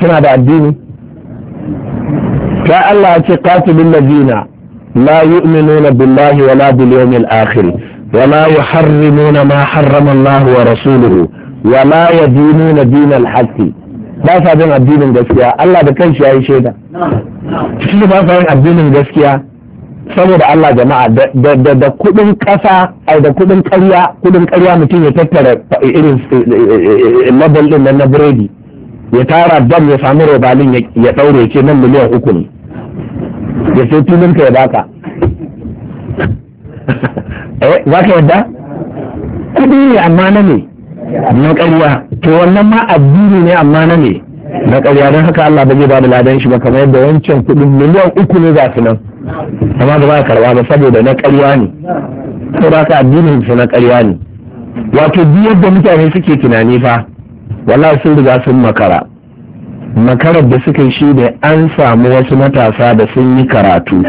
suna da addini ta Allah ya ce qatilul ladina لا يؤمنون بالله ولا باليوم الآخر ولا يحرمون ما حرم الله ورسوله ولا يدينون دين الحق ba sa bin addinin gaskiya Allah da kanshi ya yi shaida shi ba sa bin addinin gaskiya saboda Allah jama'a da kudin kasa ai da kudin karya kudin karya mutum ya tattara irin label na na biredi ya tara dam ya sami robalin ya daure ce nan miliyan uku ne ya sai filin ka ya baka eh za ka yadda kudi ne amma na ne na ƙarya to wannan ma addini ne amma na ne na ƙarya don haka Allah ba zai ba da ladan shi ba kamar yadda wancan kuɗin miliyan uku ne za su nan amma da ba karba ba saboda na ƙarya ne ko da ka addini su na ƙarya ne wato duk yadda mutane suke tunani fa wallahi sun riga sun makara makarar da suka yi shi ne an samu wasu matasa da sun yi karatu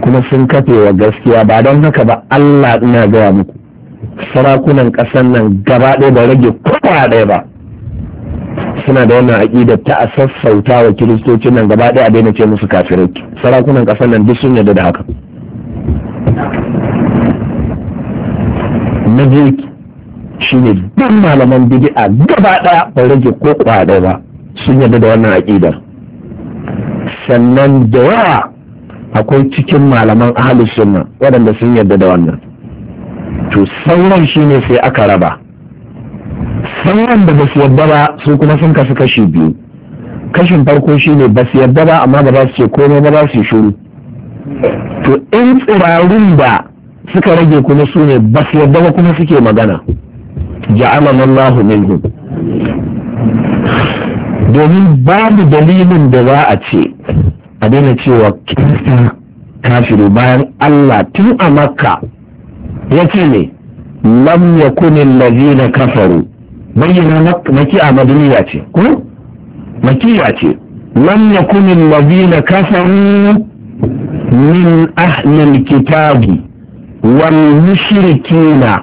kuma sun kafe wa gaskiya ba don haka ba allah ina gaya muku sarakunan ƙasar nan gaba ɗaya ba rage kowa ɗaya ba suna da wannan aƙida ta a sassauta wa kiristocin nan gaba ɗaya a daina ce musu kafirai sarakunan ƙasar nan duk sun yarda da haka na shi ne duk malaman a gaba ɗaya ba rage ko ɗaya ba sun yarda da wannan aƙida sannan da yawa akwai cikin malaman ahalus sunna waɗanda sun yarda da wannan to sauran shine sai aka raba sauran da ba su yarda ba su kuma sun kasu kashi biyu kashin farko shine ba su yarda ba amma ba za su ce komai ba za su shuru to in tsirarun da suka rage kuma su ne ba su yarda ba kuma suke magana ja'alamallahu Allahu minhum domin babu dalilin da za a ce a daina cewa kirkin kafiru bayan Allah tun a makka ya ce ne lam lazi na kafaru bayyana maki a madaniya ce ko makiya ce lam lazi na kafaru min ahlin kitabi wal mushrikina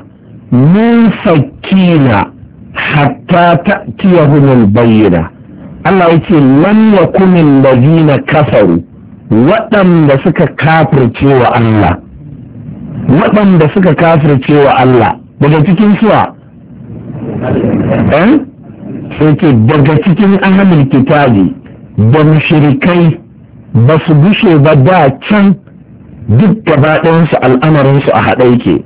fakkina, hatta ta'tiyahum al bayyana Allah ya ce lam yakunin lazina kafaru waɗanda suka kafirce wa Allah waɗanda suka kafirce wa Allah daga cikin suwa eh? sai ce daga cikin ahlul kitabi da mushrikai ba su bushe ba da can duk ɗayansu al'amarinsu a haɗa yake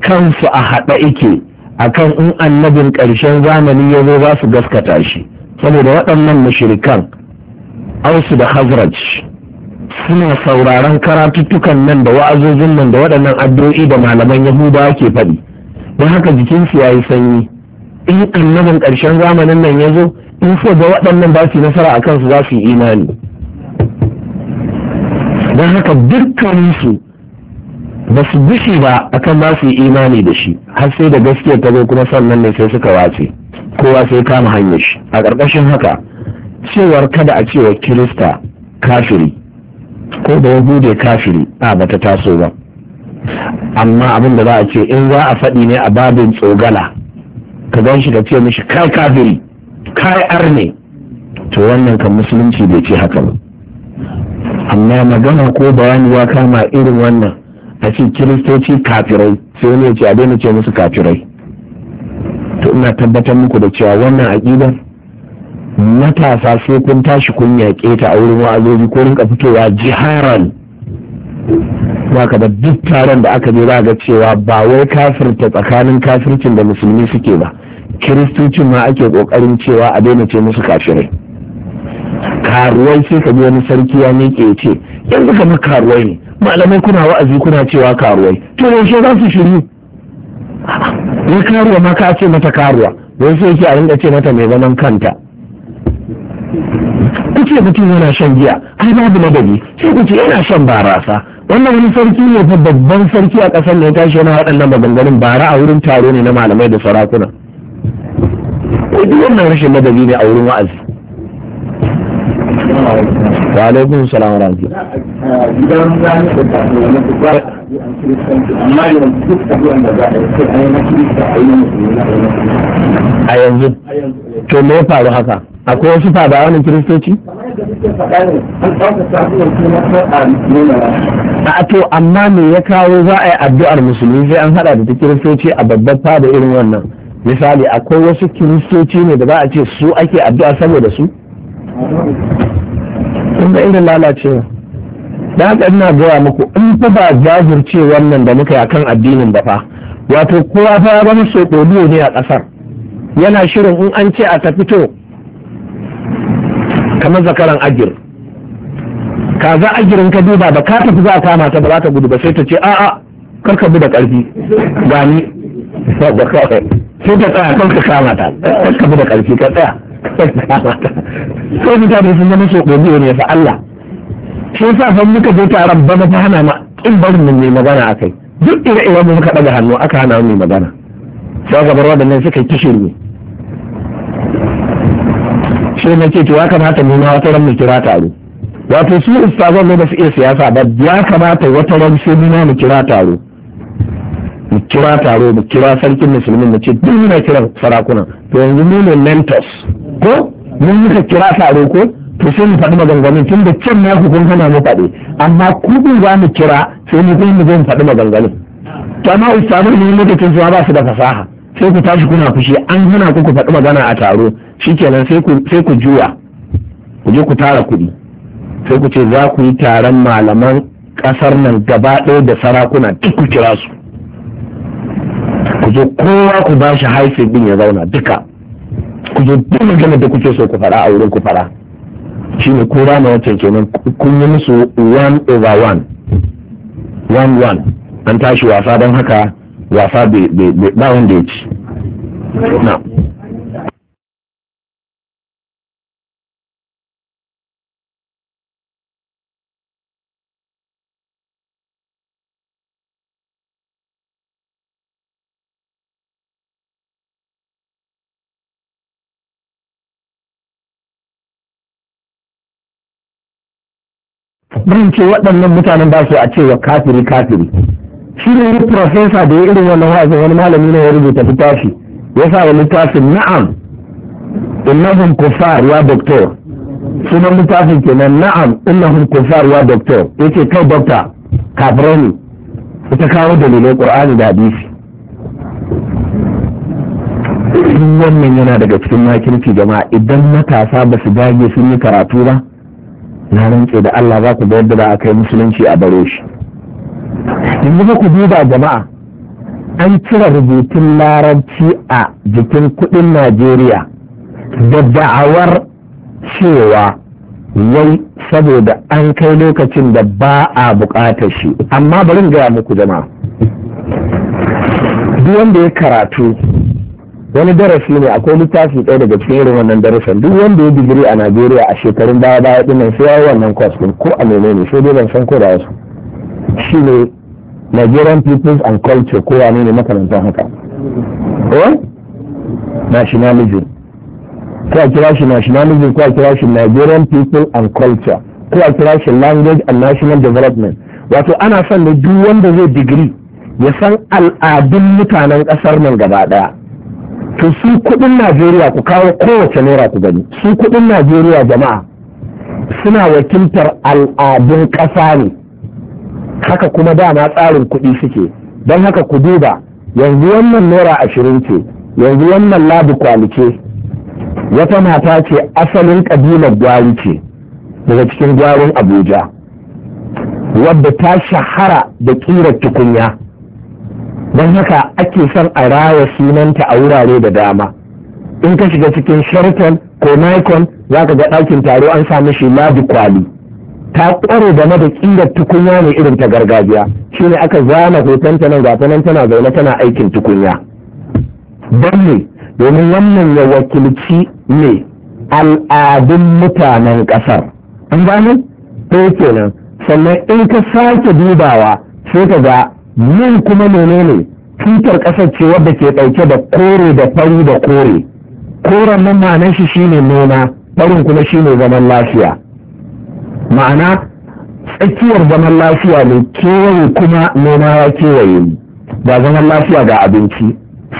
kansu a haɗa yake akan in annabin ƙarshen zamani ya zo za su gaskata shi saboda waɗannan mashirikan ausu da Hazrat suna sauraron karatuttukan nan da wa'azozin nan da waɗannan addu'o'i da malaman yahuda ke faɗi don haka jikinsu ya yi sanyi in annabin ƙarshen zamanin nan ya zo in so da waɗannan ba su nasara a kansu za su yi imani don haka dukkaninsu ba su bushe ba akan ba su yi imani da shi har sai da gaskiya ta zo kuma sannan ne sai suka wace kowa sai kama hanyar shi a ƙarƙashin haka cewar kada a cewa kirista kafiri ko da yahude kafiri a bata taso ba amma abin da za a ce in za a faɗi ne a babin tsogala ka gan shi ka ce mishi kai kafiri kai arne to wannan kan musulunci bai ce haka ba amma magana ko bayani ya kama irin wannan a ce kiristoci kafirai sai ne ce a daina ce musu kafirai to ina tabbatar muku da cewa wannan aƙidar matasa sai kun tashi kun yaƙe ta a wurin wa'azobi ko rinka fitowa jiharan ka da duk taron da aka je za ga cewa ba wai kafirta tsakanin kafircin da musulmi suke ba kiristocin ma ake kokarin cewa a daina ce musu kafirai karuwai sai ka wani sarki ya miƙe ce yanzu kamar karuwai ne malamai kuna wa'azi kuna cewa karuwai to yaushe za su shiru in karuwa ma ka ce mata karuwa don sai yake a rinka ce mata mai zaman kanta kuce mutum yana shan giya ai babu madadi sai kuce yana shan barasa wannan wani sarki ne fa babban sarki a ƙasar ne tashi yana waɗannan maganganun bara a wurin taro ne na malamai da sarakuna duk wannan rashin madadi ne a wurin wa'azi wa alaikum salam wa rahmatullahi idan ya ne da ta ne wani ba an kiristanci amma yanzu duk abuwan da za a yi sai a yi na kirista a yi na musulmi a yanzu eh. to me ya faru haka akwai wasu fa fada wani kiristoci a to amma me ya kawo za a yi addu'ar musulmi sai an hada da ta kiristoci a babbar fada irin wannan misali akwai wasu kiristoci ne da za a ce su ake addu'a saboda su kun ga irin lalacewa da haka ina gaya muku in fa ba jajirce wannan da muka yi akan addinin ba fa wato kowa fa ya zama soɗodiyo ne a ƙasar yana shirin in an ce a ta fito kamar zakaran ajir ka za ajirin ka duba ba ka tafi za a kama ta ba za ta gudu ba sai ta ce a'a kar ka bi da ƙarfi gani sai ta tsaya kan ka kama ta kar ka bi da ƙarfi ka tsaya sai ta tafi sun zama soɗodiyo ne fa Allah sai yasa san muka je taron bana ta hana ma in barin mun mai magana a kai. duk ire ire mu muka daga hannu aka hana mai magana sai gabar waɗannan suka kishirwe sai na ce to ya kamata mu ma wata ran mu kira taro wato su ustazan ne ba su iya siyasa ba ya kamata wata ran sai mu mu kira taro mu kira taro mu kira sarkin musulmin mu ce duk muna kiran sarakuna to yanzu mu ne mentors ko mun muka kira taro ko to sai mu faɗi maganganun tun da can na kun hana mu faɗi amma bin za mu kira sai mu zai mu zai faɗi maganganun to amma ustazai ne lokacin zuwa ba su da fasaha sai ku tashi kuna fushi an hana ku ku faɗi magana a taro shikenan sai ku sai ku juya ku je ku tara kuɗi sai ku ce za ku yi taron malaman ƙasar nan gaba ɗaya da sarakuna duk ku kira su ku zo kowa ku ba shi haifin ɗin ya zauna duka ku zo duk magana da kuke so ku faɗa a wurin ku faɗa shine ko na wancan kenan kun yi musu one over one one one an tashi wasa don haka wasa ba wanda ya ci ban ce waɗannan mutanen ba su a cewa kafiri kafiri shi ne wani profesa da ya irin wannan wa'azin wani malami ne ya rubuta littafi ya sa wa littafin na'am innahum kufar ya doktor sunan littafin kenan na'am innahum kufar ya doktor ce kai dokta kafirai ne ita kawo dalilai ƙur'ani da hadisi wannan yana daga cikin makirci jama'a idan matasa ba su dage sun yi karatu ba na rantse da Allah za ku ga yadda za a kai musulunci a bare shi yanzu fa ku duba jama'a an cire rubutun larabci a jikin kuɗin Najeriya da da'awar cewa wai saboda an kai lokacin da ba a buƙatar shi amma bari gaya muku jama'a duk wanda ya karatu wani darasi ne akwai littafi ɗaya daga cikin irin wannan darasin duk wanda ya digiri a najeriya a shekarun baya baya ɗin nan sai wannan kwas ɗin ko a menene sai dai ban san ko da wasu shi ne nigerian peoples and culture ko wane ne makarantar haka ko eh? nationalism ko a kira shi nationalism ko a kira shi nigerian people and culture ko a kira shi language and national development wato ana son da duk wanda zai digiri ya san al'adun mutanen ƙasar nan gaba ɗaya to su kudin najeriya ku kawo kowace naira ku gani su kudin najeriya jama'a suna wakiltar al'adun ƙasa ne haka kuma dama tsarin kuɗi suke don haka ku duba yanzu wannan naira ashirin ce yanzu wannan labu kwali wata mata ce asalin ƙabilar gwari ce daga cikin gwarin abuja wadda ta shahara da ƙirar tukunya don haka ake son a rawa sunanta a wurare da dama in ka shiga cikin sheraton ko nikon za ka ga ɗakin taro an sami shi ladi kwali ta ƙware game da ƙirar tukunya ne irin ta gargajiya shi ne aka zana ta nan ga nan tana zaune tana aikin tukunya don ne domin wannan ya wakilci ne al'adun mutanen ƙasar an gane Ko kenan sannan in ka sake dubawa sai ka ga nan kuma menene cutar ƙasar ce wadda ke ɗauke da kore da fari da kore koren nan ma'anar shi shine nuna farin kuma shine zaman lafiya ma'ana tsakiyar zaman lafiya ne kewaye kuma noma ya kewaye ba zaman lafiya ga abinci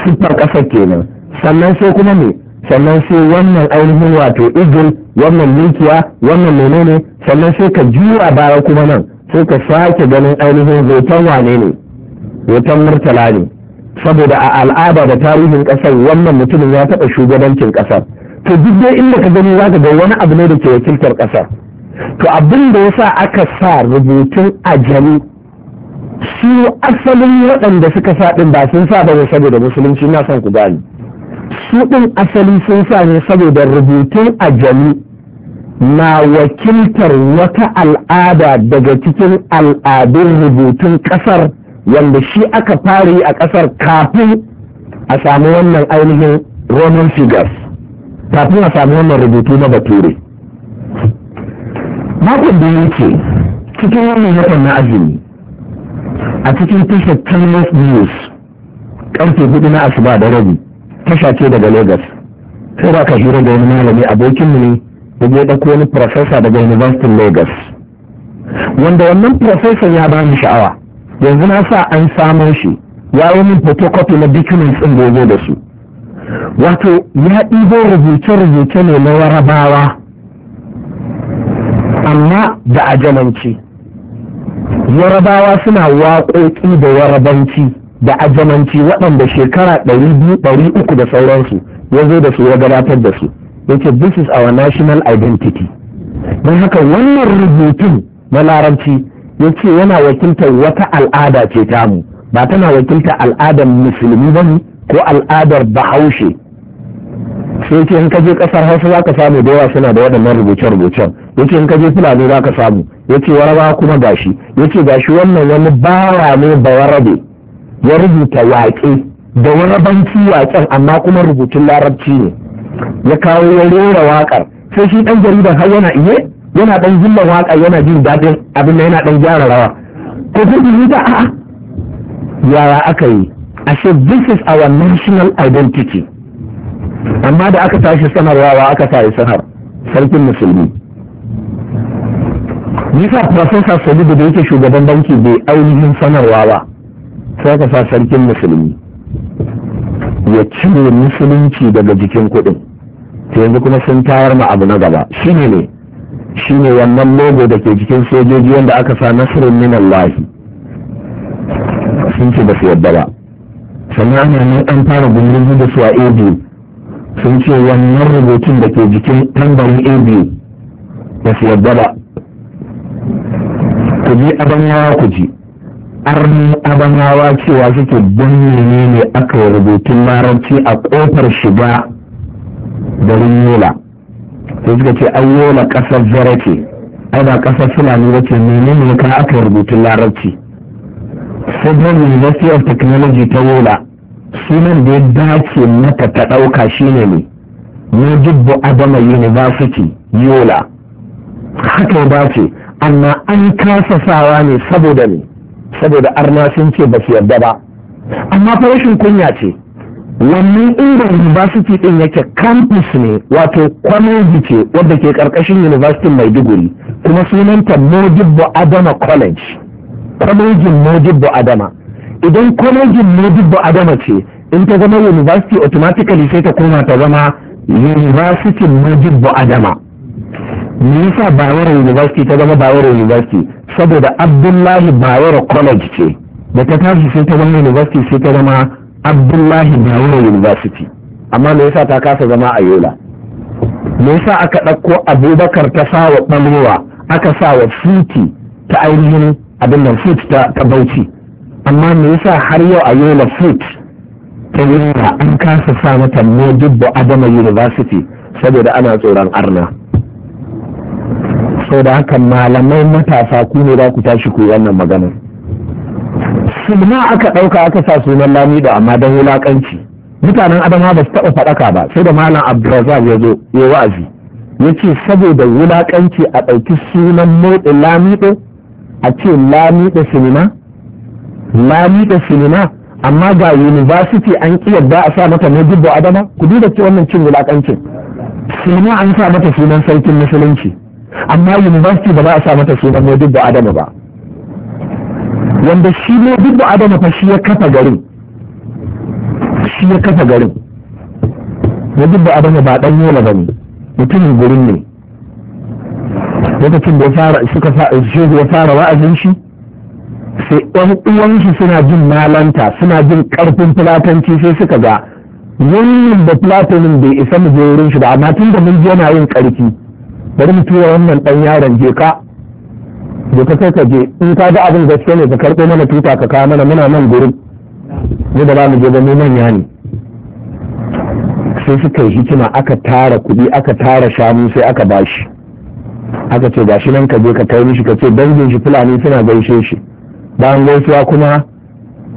siffar ƙasar kenan sannan sai kuma me sannan sai wannan ainihin wato izin wannan mikiya wannan menene sannan sai ka jura baya kuma nan sai ka sake ganin ainihin zoton wane ne hoton murtala ne saboda a al'ada da tarihin ƙasar wannan mutumin ya taɓa shugabancin ƙasar to duk dai inda ka gani za ga wani abu ne da ke wakiltar ƙasar to abin da aka sa rubutun ajali su asalin waɗanda suka sa ɗin ba sun sa ba ne saboda musulunci na son ku gani su ɗin asali sun sa ne saboda rubutun ajali na wakiltar wata al'ada daga cikin al'adun rubutun ƙasar Yanda shi aka fara yi a ƙasar kafin a sami wannan ainihin roman figures kafin a samu wannan rubutu na bature makon da yake cikin wannan watan na azumi a cikin tashar timeless news karfe hudu na asuba da rabi tasha ce daga lagos sai ba ka hira da wani malami abokinmu ne da ya ɗauko wani farfesa daga university lagos wanda wannan farfesan ya bani sha'awa yanzu na sa an samo shi ya yi min photocopy na documents ɗin gobe da su wato ya ɗibo rubuce-rubuce ne na warabawa amma da ajamanci warabawa suna waƙoƙi da warabanci da ajamanci waɗanda shekara ɗari uku da sauransu ya zo da su ya gabatar da su yake this is our national identity don haka wannan rubutun na larabci ya ce yana wakiltar wata al'ada ce tamu ba tana wakiltar al'adar musulmi ba ko al'adar bahaushe sai ce in ka je kasar hausa za ka samu da yawa suna da waɗannan rubuce-rubucen ya ce in ka je fulani za ka samu ya ce waraba kuma gashi ya ce gashi wannan wani bawa ne bawarabe ya rubuta waƙe da warabanci waƙen amma kuma rubutun larabci ne ya kawo ya rera waƙar sai shi ɗan jaridan har yana iye yana dan zillan waka yana jin daɗin abin da yana dan gyara rawa ko kun fahimta a'a yaya aka yi ashe this is our national identity amma da aka tashi sanarwa aka tashi sanar sarkin musulmi nisa profesa salidu da yake shugaban banki bai ainihin sanarwa ba sai ka sa sarkin musulmi ya cire musulunci daga jikin kuɗin ta yanzu kuma sun tayar ma abu na gaba shine ne shi ne wannan logo da ke jikin sojoji wanda aka sa nasirin min Allah sun ce ba su yadda ba sannan ana nan an fara gungun da su a abu sun ce wannan rubutun da ke jikin tambarin abu ba su yadda ba ku ji abanawa ku ji arni abanawa cewa suke don ne aka yi rubutun maranci a kofar shiga garin yola sai suka ce an yola kasar zarace ai ba kasar fulani wace menene ne kan aka rubutun larabci federal university of technology ta yola sunan da ya dace mata ta ɗauka shine ne na mujibbu adama university yola haka ya dace amma an kasa sawa ne saboda ne saboda arna sun ce ba su yarda ba amma farashin kunya ce wannan inda university din yake campus ne wato kwaleji ce wadda ke karkashin university maiduguri kuma sunanta mojibbo adama college kwanojin mojibbo adama idan kwanojin mojibbo adama ce in ta zama university automatically sai ta koma ta zama university mojibbo adama me yasa bayero university ta zama bayero university saboda abdullahi bayero college ce da ta tashi sai ta zama university sai ta zama abdullahi bayero university amma me yasa ta kasa zama a yola me yasa aka ɗauko abubakar ta sa wa ɓalwa aka sa wa fiti ta ainihin abin da fit ta, ta bauchi amma me yasa har yau a yola fit ta yola an kasa sa mata dubba adama university saboda ana tsoron arna sau da haka malamai matasa ku ne za ku tashi ku wannan maganar sulma aka ɗauka aka sa sunan da amma don wulaƙanci mutanen adama ba su taɓa faɗaka ba sai da malam abdulrazak ya zo ya wa'azi ya ce saboda wulaƙanci a ɗauki sunan motsin lamido a ce da sinima da sinima amma ga university an ƙi yadda a sa mata na adama ku duba ce wannan cin Wulaƙancin. sinima an sa mata sunan sarkin musulunci amma university ba za a sa mata sunan na dubbo adama ba wanda shi ne duk adama fa shi ya kafa garin shi ya kafa garin ya duk adama ba dan yola bane mutumin gurin ne lokacin da ya fara suka ya fara wa'azin shi sai ɗan uwan shi suna jin malanta suna jin karfin fulatanci sai suka ga wannan da fulatanin bai isa mu je wurin shi ba amma tun da mun je yana yin karfi bari mu tura wannan dan yaron je ka da ka sai ka je in ka ga abin gaske ne ka karɓo mana tuta ka kawo mana muna nan gurin ne da ba mu je ba mu manya ne sai suka yi hikima aka tara kuɗi aka tara shanu sai aka bashi aka ce gashi nan ka je ka kai mishi ka ce dangin shi fulani suna gaishe shi bayan gaisuwa kuma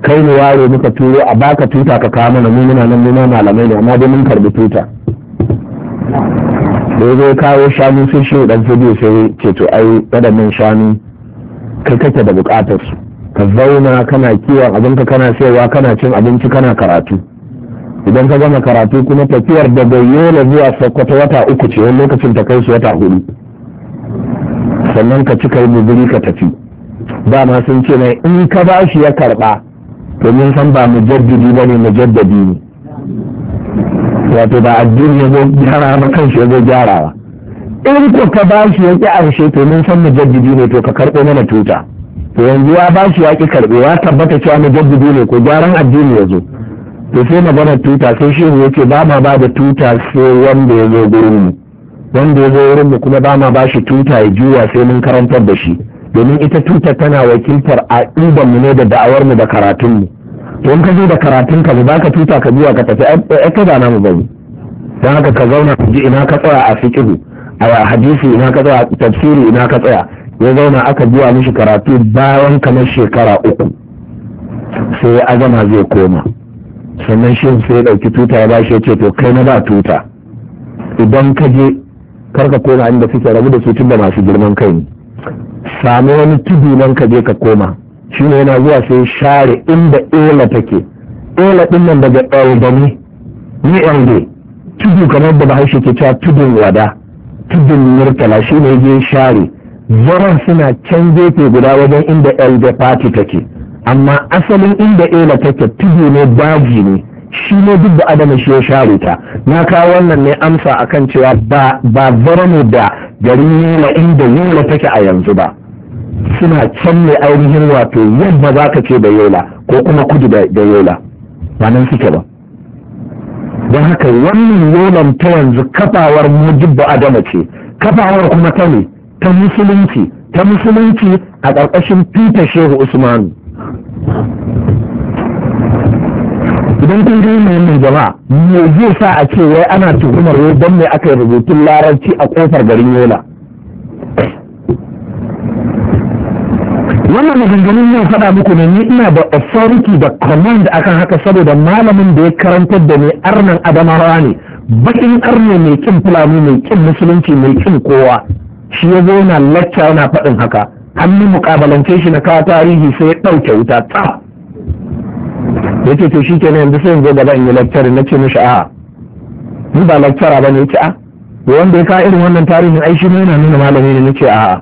kai ne ware muka turo a baka tuta ka kawo mana mu muna nan muna malamai ne amma dai mun karɓi tuta da ya zo kawo shanu sun shi dan fidi sai ce to ai waɗannan shanu kai kake da buƙatar su ka zauna kana kiwon abinka kana sayarwa kana cin abinci kana karatu idan ka gama karatu kuma tafiyar da daga yola zuwa sokoto wata uku ce wani lokacin ta kai su wata hudu sannan ka cika yi ka tafi dama sun ce mai in ka bashi ya karɓa domin san ba mujaddidi ba ne mujaddadi ne wato ba addini ya zo gyara ba kanshi ya zo gyarawa in ko ka bashi ya ƙi arshe to mun san mujaddidi ne to ka karɓo mana tuta to yanzu ya shi ya ƙi karɓe ya tabbata cewa mujaddidi ne ko gyaran addini ya zo to sai magana tuta sai shi ya ce ba ma ba da tuta sai wanda ya zo gurin mu wanda ya zo wurin mu kuma ba ma ba shi tuta ya juya sai mun karantar da shi domin ita tuta tana wakiltar a mu ne da da'awar mu da karatun mu to ka zo da karatun ka ba ka tuta ka biya ka tafi ai ka ba namu bai dan haka ka zauna ka ji ina ka tsaya a fiqhu a hadisi ina ka tsaya tafsiri ina ka tsaya ya zauna aka biya mishi karatu bayan kamar shekara uku sai ya azama zai koma sannan shi sai ya dauki tuta ya bashi ya ce to kai na ba tuta idan ka je karka koma inda suke rabu da su tun da masu girman kai ne Sami wani tudu nan ka je ka koma shi ne yana zuwa sai share inda ela take ela din nan daga ɗalibami ni ɗalibami tudu kamar da bahaushe ke cewa tudun wada tudun murtala shi ne je share zaran suna can ke guda wajen inda da party take amma asalin inda ela take tudu ne daji ne shi ne duk da adama shi ya share ta na kawo wannan ne amsa akan cewa ba ba da garin yela inda yela take a yanzu ba suna can ne ainihin wato yamma za ka ce da yola ko kuma kudu da yola ba nan suke ba don haka wannan yolan ta yanzu kafawar mujibba adama ce kafawar kuma ta ne ta musulunci ta musulunci a ƙarƙashin fita shehu Usman. idan kun gani mai mai jama me zai sa a ce wai ana tuhumar wai don me aka yi rubutun larabci a ƙofar garin yola wannan maganganun yau faɗa muku ne ni ina da authority da command akan haka saboda malamin da ya karantar da ni arnan adamawa ne bakin arne mai kin fulani mai kin musulunci mai kin kowa shi ya zo na lacca yana faɗin haka hannun mukabalance shi na kawo tarihi sai ya ɗauke wuta ta ya ce to shi ke yanzu sai yanzu gaba in yi lakcari na ce mishi a ni ba lakcara ba ne ya ce a ah. wanda ya kawo irin wannan tarihin ai shi ne yana nuna malami ne na ce a'a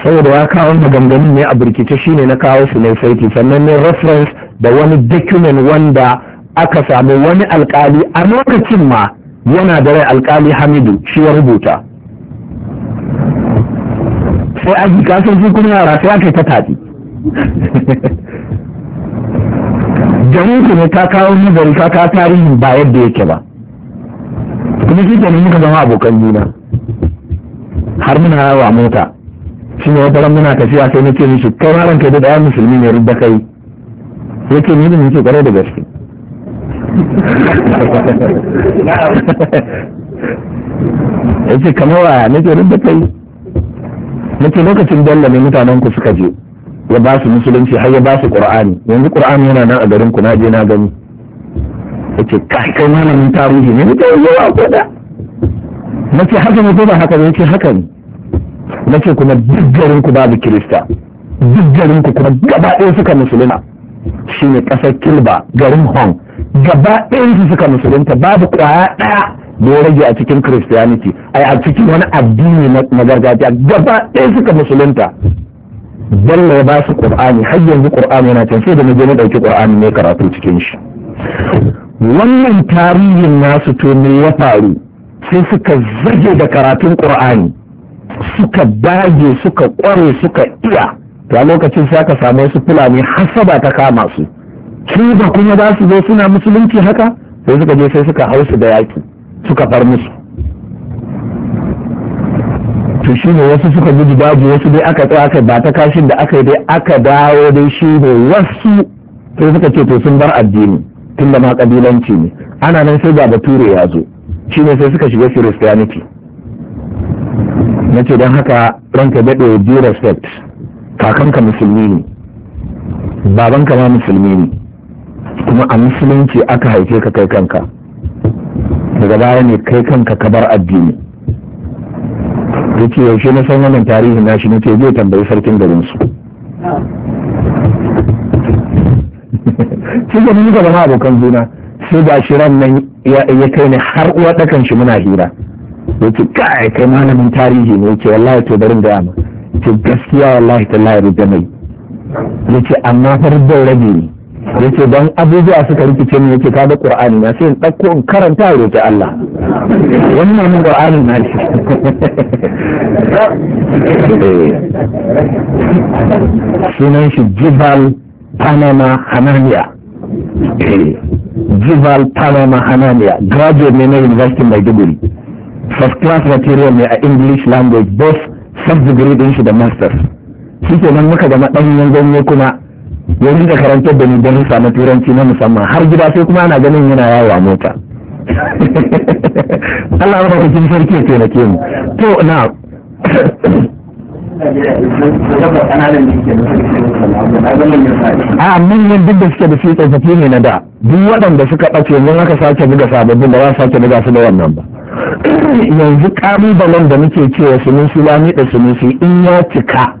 saboda ya kawo maganganun ne a birkice shine na kawo su ne saiti sannan ne reference da wani document wanda aka samu wani alkali a lokacin ma yana da rai alkali hamidu shi ya rubuta sai aji kasan su kuma yara sai aka ta tafi *laughs* jami'in ne ta kawo nazari ta kawo tarihin ba yadda yake ba kuma shi ne nuna zama abokan juna har muna yawa mota shi ne wata ran muna tafiya sai nake musu kai ma ranka da ya musulmi ne rubda kai yake ni ne yake kware da gaske *laughs* yace kamar wa nake rubda kai nake lokacin dalla ne mutanen ku suka je ya ba su musulunci har ya ba su qur'ani yanzu qur'ani yana nan a garin ku na je na gani yace kai kai malamin tarihi ne nake yawa ko da nace haka ne ko ba haka ne yace haka ne nake kuma duk garin ku babu kirista duk ku kuma gaba ɗaya suka musuluna shine ƙasar kilba garin hong gaba ɗaya su suka musulunta babu ƙwaya ɗaya da ya rage a cikin christianity ai a cikin wani addini na gargajiya gaba ɗaya suka musulunta bello ya ba su qur'ani har yanzu qur'ani yana can sai da na je na ɗauki qur'ani ne karatu cikin shi wannan tarihin nasu to me ya faru sai suka zage da karatun qur'ani suka dage suka kware suka iya to a lokacin sai aka samu wasu fulani hasaba ta kama su su ba kuma za su zo suna musulunci haka sai suka je sai suka hausu da yaki suka far musu to shi ne wasu suka gudu daji wasu dai aka tsaya aka ba ta kashin da aka yi dai aka dawo dai shi ne wasu sai suka ce to sun bar addini tunda ma kabilanci ne ana nan sai ga bature ya zo shi ne sai suka shiga christianity na ce don haka ranka daɗe due respect kakanka musulmi ne babanka ma musulmi ne kuma a musulunci aka haife ka kai kanka daga baya ne kai kanka ka bar addini ya ce yaushe na san wannan tarihin shi na ce zai tambayi sarkin garinsu shi da nuna na abokan juna sai shi ran nan ya kai ni har uwa ɗakan shi muna hira yace kai kai malamin tarihi ne yace wallahi to barin gaya ma ce gaskiya wallahi lahiru da mai yace amma da rabi ne ce don abubuwa suka rikice ce ka da qur'ani na sai in ɗauko in karanta roki Allah wannan mun qur'ani na shi eh. sunan shi Jibal Panama Hananiya. Eh. Jibal Panama Hananiya graduate ne na University Maiduguri first class material ne a english language both degree din shi da masters shi kenan muka zama ɗanyen ganye kuma ya rinka karantar da ni don samu turanci na musamman har gida sai kuma ana ganin yana yawa mota *laughs* Allah ya rubuta cikin sarki ya ke mu to na a manyan duk da suke da su tsofaffi ne na da duk waɗanda suka ɓace yanzu aka sake buga sababbin da za su sake buga su da wannan ba yanzu ƙalubalen da muke cewa sunusi lami da sunusi in ya cika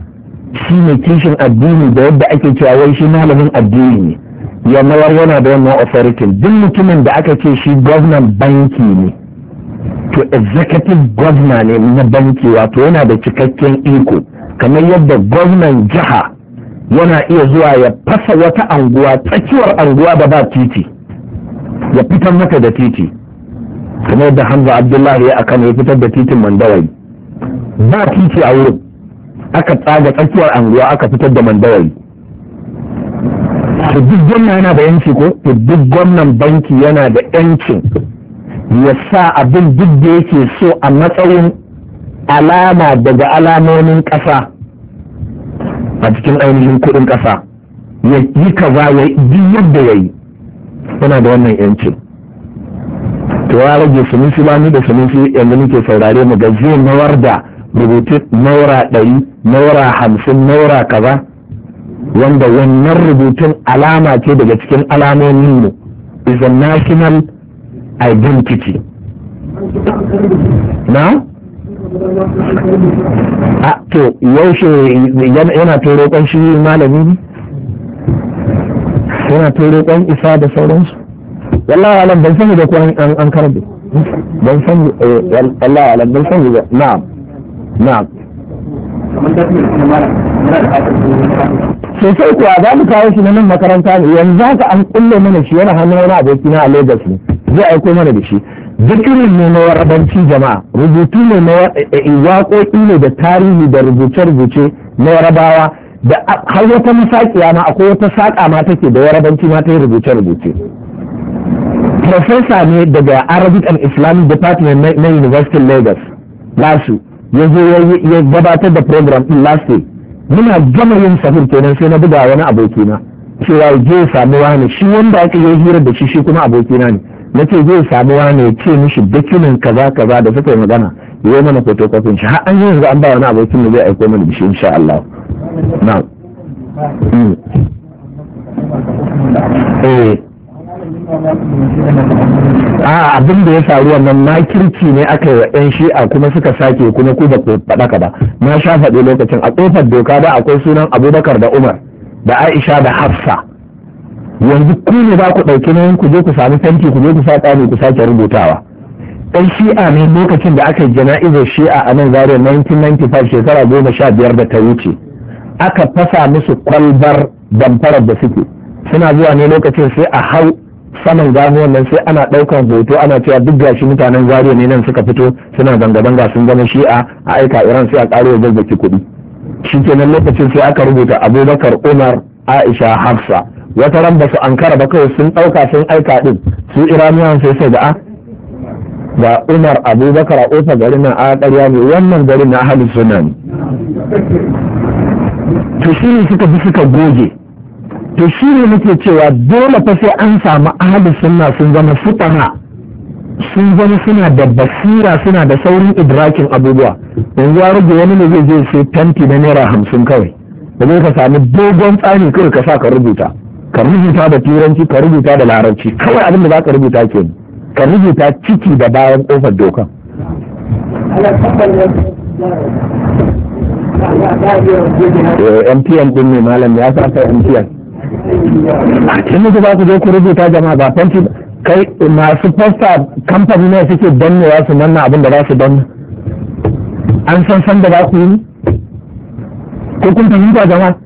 shi ne kishin addini da yadda ake cewa wai shi malamin addini ne ya mawar yana da yamma authority duk mutumin da aka ce shi governor banki ne to executive governor ne na banki wato yana da cikakken iko kamar yadda governor jiha yana iya zuwa ya fasa wata anguwa tsakiyar anguwa da ba titi ya fitar mata da titi kamar da hamza abdullahi ya akan ya fitar da titin mandawari ba titi a wurin aka tsaga tsakiyar anguwa aka fitar da mandawari to duk gwamna yana da yanci ko to duk gwamnan banki yana da yancin ya sa abin duk da yake so a matsayin alama daga alamomin ƙasa a cikin ainihin kuɗin ƙasa ya yi kaza ya yi yadda ya yi yana da wannan yancin to ya rage ba ni da sunusi yanzu nake saurare mu ga zai nawar da rubutu naura ɗari naura hamsin naura kaza wanda wannan rubutun alama ce daga cikin alamomin mu is a national identity na a to yaushe yana to roƙon shi malami yana to roƙon isa da sauransu wallahi alam ban sani da ko an an karbe ban sani eh, wallahi alam ban sani da na'am na'am sosai kuwa za mu kawo shi na nan makaranta ne yanzu haka an kulle mana shi yana hannun wani aboki na a Lagos ne zai aiko mana da shi zikirin ne na warabanci jama'a rubutu ne na eh, eh, waƙoƙi ne da tarihi da rubuce-rubuce na warabawa da har wata masaƙiya ma akwai wata saƙa ma take da warabanci ma ta yi rubuce-rubuce profesa ne daga arabic and islamic department na university lagos lasu ya zo ya gabatar da program ɗin last week muna gama yin safir kenan sai na buga wani abokina cewa je samu wani shi wanda aka yi hira da shi shi kuma abokina ne na ce zai samu wani ya ce mishi dukkanin kaza kaza da suka yi magana ya yi mana photocopy shi har an yi yanzu an ba wani abokin da zai aiko mana da shi insha Allah na hmm. eh a abin da ya faru wannan makirci ne aka yi wa 'yan shi'a kuma suka sake kuma ku ba ku na sha faɗi lokacin a ƙofar doka da akwai sunan abubakar da umar da aisha da hafsa yanzu ku ne za ku ɗauki nan ku je ku sami fenti ku je ku sa tsari ku sake rubutawa ɗan shi'a ne lokacin da aka yi jana'izar shi'a a nan zariya 1995 shekara goma sha biyar da ta wuce aka fasa musu kwalbar damfarar da suke suna zuwa ne lokacin sai a hau saman ganuwan nan sai ana ɗaukan hoto ana cewa duk gashi mutanen zariya ne nan suka fito suna zanga-zanga sun zama shi'a a aika iran sai a ƙaro wa zazzaki kuɗi shi kenan lokacin sai aka rubuta abubakar umar aisha hafsa wata ran ba su ankara ba kawai sun ɗauka sun aika ɗin su iraniyan sai sai da a ah, ga umar abubakar a ofa garin nan a ƙarya ne wannan garin na ahalin suna ne to shi ne suka bi suka goge to shi ne muke cewa dole fa sai an samu ahli sunna sun zama fuqaha sun zama suna da basira suna da saurin idrakin abubuwa yanzu ya rage wani ne zai je sai tanti na naira hamsin kawai domin ka sami dogon tsani kawai ka sa ka rubuta ka rubuta da turanci ka rubuta da larabci kawai abin da za ka rubuta ke ka rubuta ciki da bayan kofar dokan eh, MTN din ne malam ya sa MTN kuma ba su zo ku rubuta jama'a ba fanti kai masu fasta kamfani ne suke ya su nanna abin da za su danna an san san da za ku yi ko kun fahimta jama'a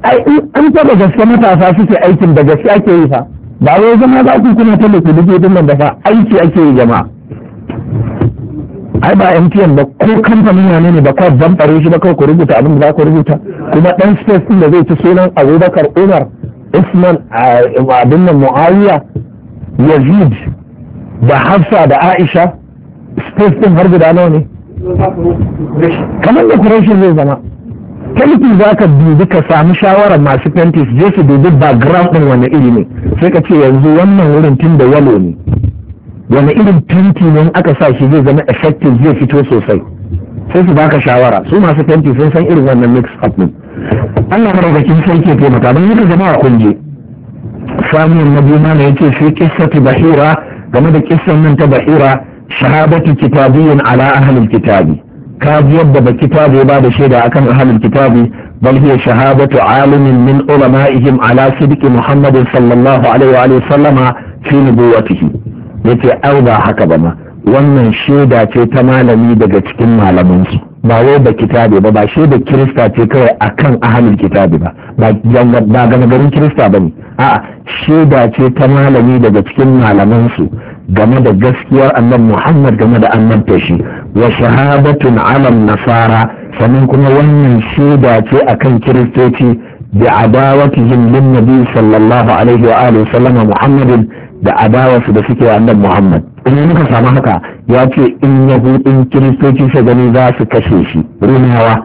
ai an taba gaske matasa suke aikin da gaske ake yi fa ba wai zama za ku kuna tallafi duk din nan da fa aiki ake yi jama'a ai ba MTN ba ko kamfanin ne ne ba kawai ban shi ba kawai ku rubuta abin da za ku rubuta kuma dan space din da zai ci sunan Abubakar Umar Usman eh, a nan Muawiya Yazid da Hafsa da Aisha space din har guda nawa ne kamar da kurashin zai zama kalifin za ka dubi ka sami shawara masu fenti je su dubi background din wani iri ne sai ka ce yanzu wannan wurin tun da yalo ne wani irin fenti ne aka sa shi zai zama effective zai fito sosai sai su baka shawara su masu fenti sun san irin wannan mix up din Allah madaukakin sarki ya taimaka don haka zama a je samiyan na biyu mana yace fi qissatu bahira game da kissan nan ta bahira shahadatu kitabiyyin ala ahlil kitabi ka yadda ba kitabi ba da shaida akan ahlil kitabi bal hiya shahadatu alimin min ulama'ihim ala sidqi muhammadin sallallahu alaihi wa alihi sallama fi nubuwatihi yace ai ba haka ba ma wannan shaida ce ta malami daga cikin malamansu ba wai da kitabe ba ba shi da kirista ce kawai akan ahalin kitabe ba ba gama garin kirista ba ne a shaida ce ta malami daga cikin malamansu game da gaskiyar annan muhammad game da annabta shi wa shahadatun alam nasara sannan kuma wannan shaida ce akan kiristoci da adawatihim lin nabi sallallahu alaihi wa alihi sallama muhammadin da adawarsu da suke wa annan muhammad ina muka samu haka ya ce in yahudin kiristoci shi gani za su kashe shi rumawa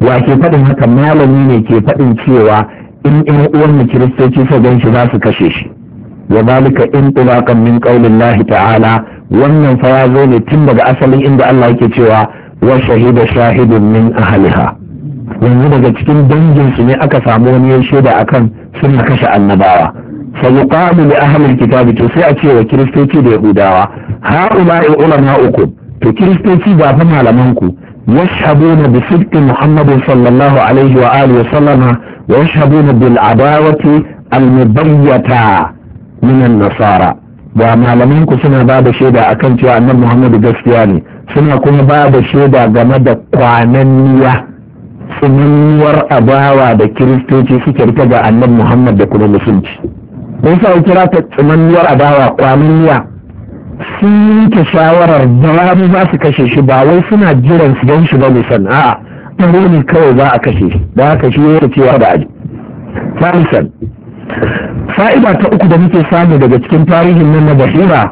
ya ke faɗin haka malami ne ke faɗin cewa in 'yan uwan mu kiristoci shi gan shi za su kashe shi wa zalika in tulaqan min qaulillahi ta'ala wannan fa ya zo ne tun daga asalin inda Allah yake cewa wa shahida shahidun min ahliha yanzu daga cikin dangin su ne aka samu wani ya shaida akan suna kashe annabawa fa yuqamu li ahli alkitab to sai a ce wa kiristoci da yahudawa ha'ula ulama uku to kiristoci ba fa malaman ku يشهدون بصدق محمد صلى الله عليه وآله وسلم ويشهدون بالعداوة المبيتة من النصارى وما لمنكم سنة بعد شيدا أكنت أن محمد قسياني سنة كما بعد شيدا جمد قوانية سنة ور أباوة دا كريستوتي سكرتجا أن محمد دا كل مسلمتي da yasa ya kira ta tsimanniyar adawa kwamanniya sun yanke shawarar da za su kashe shi ba wai suna jiran su gan shi ba ne san a'a ɗaro ne kawai za a kashe shi da haka shi ya cewa da aji salisan fa'ida ta uku da muke samu daga cikin tarihin nan na bahira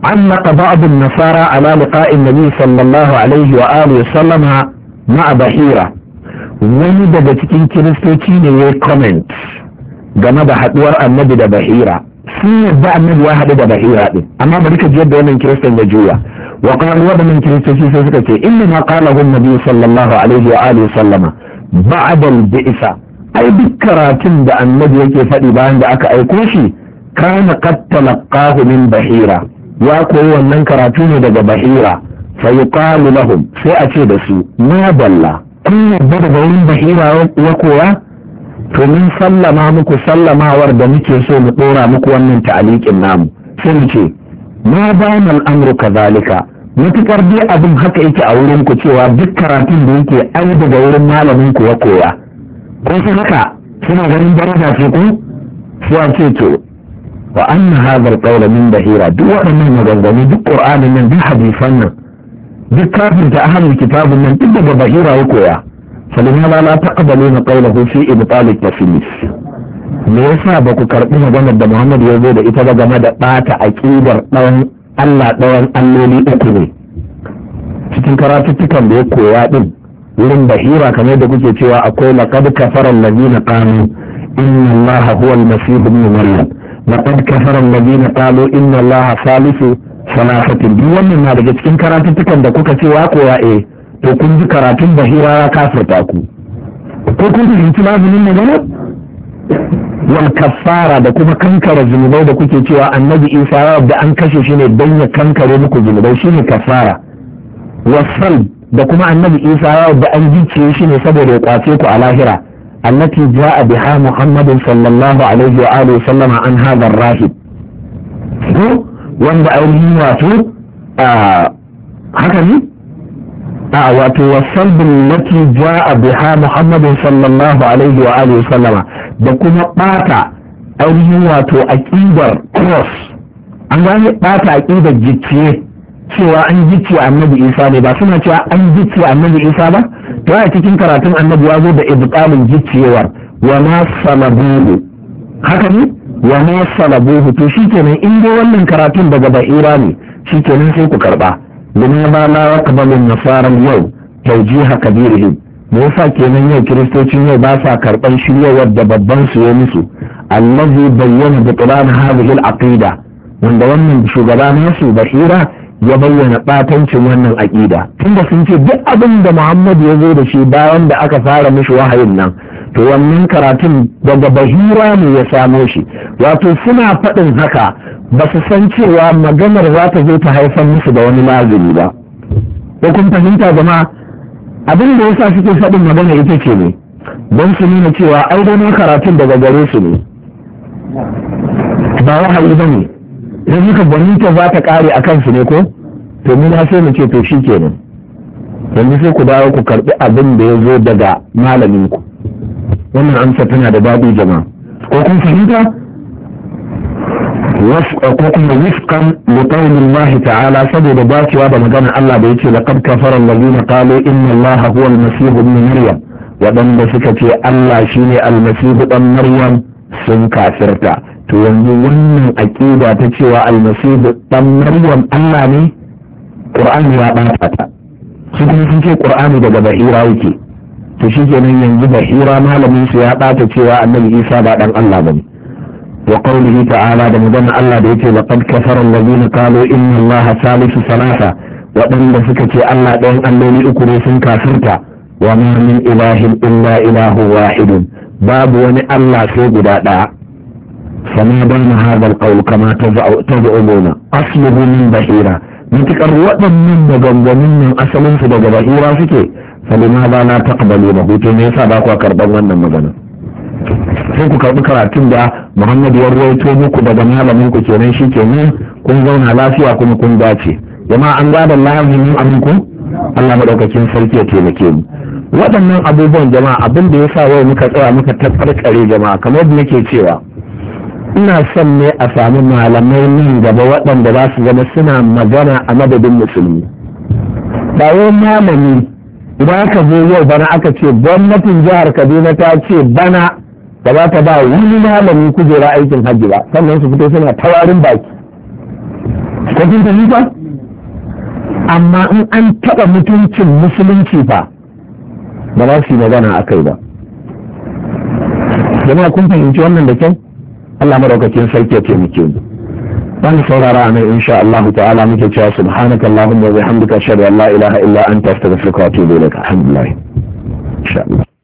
an علق بعض nasara على لقاء النبي sallallahu alaihi عليه وآله وسلم مع bahira. wani daga cikin kiristoci ne ya comment game da haduwar annabi da bahira sun yadda annabi ya haɗu da bahira ɗin. amma bari ka ji yadda wannan kiristan da juya wa qalu wadannan kiristoci sai suka ce Inda na qala hun nabi sallallahu alaihi wa alihi sallama ba'da bi isa. ai duk karatun da annabi yake faɗi bayan da aka aiko shi kana qad talaqahu min bahira ya koyi wannan karatu ne daga bahira fa yuqalu lahum sai a ce da su ma balla kun yadda daga wurin bahira wa koya to mun sallama muku sallamawar da muke so mu ɗora muku wannan ta'aliƙin namu sai mu ce ma bayan al'amuru kazalika matukar dai abin haka yake a wurin ku cewa duk karatun da yake ai daga wurin malamin ku ya koya ko sai haka suna ganin daraja ce ku sai ce to wa anna hadha al min bahira duk waɗannan maganganu duk qur'anin nan duk hadisan nan duk kafin ta ahlul kitabun nan duk daga bahira ya koya فلماذا لا تقبلون قوله في إبطال التفليس me yasa ba ku karɓi maganar da Muhammad ya zo da ita ba game da ɓata aƙidar ɗawan Allah ɗawan alloli uku ne cikin karatuttukan da ya koya ɗin wurin bahira kamar da kuke cewa akwai laqad kafara allazina qalu inna allaha huwa al-masih ibn maryam laqad kafara allazina qalu inna allaha salisu salasatin duk wannan na daga cikin karatuttukan da kuka cewa koya eh to kun ji karatun bahira ya kafirta ku ko kun fahimci mazinin magana wal kaffara da kuma kankara zunubai da kuke cewa annabi isa da an kashe shi ne don ya kankare muku zunubai shine kaffara wasal da kuma annabi isa da an gice shi ne saboda ya kwace ku a lahira التي جاء biha Muhammadu Sallallahu alaihi عليه وآله وسلم عن هذا الراهب wanda ainihin wato a ah, haka ne Aa, wato wasan bin ja a biha muhammadin sallallahu alaihi wa alihi sallama da kuma ɓata ainihin wato aƙidar cross an gane ɓata aƙidar gicciye cewa an gicciye annabi isa ne ba suna cewa an gicciye annabi isa ba to a cikin karatun annabi ya zo da ibtalin gicciyewar wa ma salabuhu haka ne wa ma salabuhu to shikenan in dai wannan karatun daga ba'ira ne shikenan sai ku karba لماذا لا يقبل النصارى اليوم توجيه كبيرهم me yasa kenan yau kiristocin yau ba sa karɓar shiryawar da babban su ya musu allazi bayyana butlan hadhihi al-aqida wanda wannan shugaba nasu basira ya bayyana batancin wannan aqida tunda sun ce duk abin da Muhammad ya zo da shi bayan da aka fara mishi wahayin nan to wannan karatun daga bahira ne ya samo shi wato suna faɗin haka ba su san cewa maganar za ta zo ta haifar musu da wani magani ba ko kun fahimta zama abin da yasa suke faɗin magana ita ce ne don su nuna cewa ai dai karatun daga gare su ne ba wahayi ba ne don haka gwaninta za ta ƙare a kansu ne ko to mu na sai mu ce to shi kenan yanzu sai ku dawo ku karɓi abin da ya zo daga malamin ku wannan amsa tana da daɗi jama'a ko kun fahimta ko kuma wifkan liqaunin Allah ta'ala saboda dacewa da magana Allah da yake laqad kafara allazina qalu inna Allah huwa al-masih maryam waɗanda suka ce Allah shine sun kafirta to yanzu wannan aqida ta cewa almasihu ɗan maryam Allah ne ƙur'ani ya bata ta su kuma sun ce Qur'ani daga bahira yake to shikenan yanzu bahira malamin su ya ɓata cewa annabi Isa ba ɗan Allah ba ne. wa wulini ta'ala da magana allah da yace da kabka farar rabi na kalu inna allah salisu salasa wadanda suka ce allah da wani alloli ukuru sun kafirta wani har ni illa ilaahu waḥidun babu wani allah sai guda ɗaya. sana ba mu haɗon aure kamar ta bugaguna asalin mun da hira matuƙar da ganganin nan asalinsu daga bahira suke ke. salima ba na taɓa lima huta me yasa ba kuwa karban wannan magana. sai ku karɓi karatun da muhammad ya ruwaito muku daga malamin ku kenan shi kenan kun zauna lafiya kuma kun dace jama'a an gada mun aminku Allah maɗaukakin sarki ya taimake mu waɗannan abubuwan jama'a abin da ya sa wai muka tsaya muka tafarkare jama'a kamar da nake cewa ina son ne a sami malamai nan gaba waɗanda za su zama suna magana a madadin musulmi ba wai malami idan aka zo yau bana aka ce gwamnatin jihar kaduna ta ce bana ba za ka ba wani malami kujera aikin hajji ba sannan su fito suna tawarin baki ko kun fahimta amma in an taɓa mutuncin musulunci fa ba za su yi magana a kai ba jama'a kun fahimci wannan da kyau Allah madaukakin sarki ya taimake mu dan saurara ne insha Allah ta'ala muke cewa subhanaka allahumma wa bihamdika ashhadu an la ilaha illa anta astaghfiruka wa atubu ilaik alhamdulillah insha Allah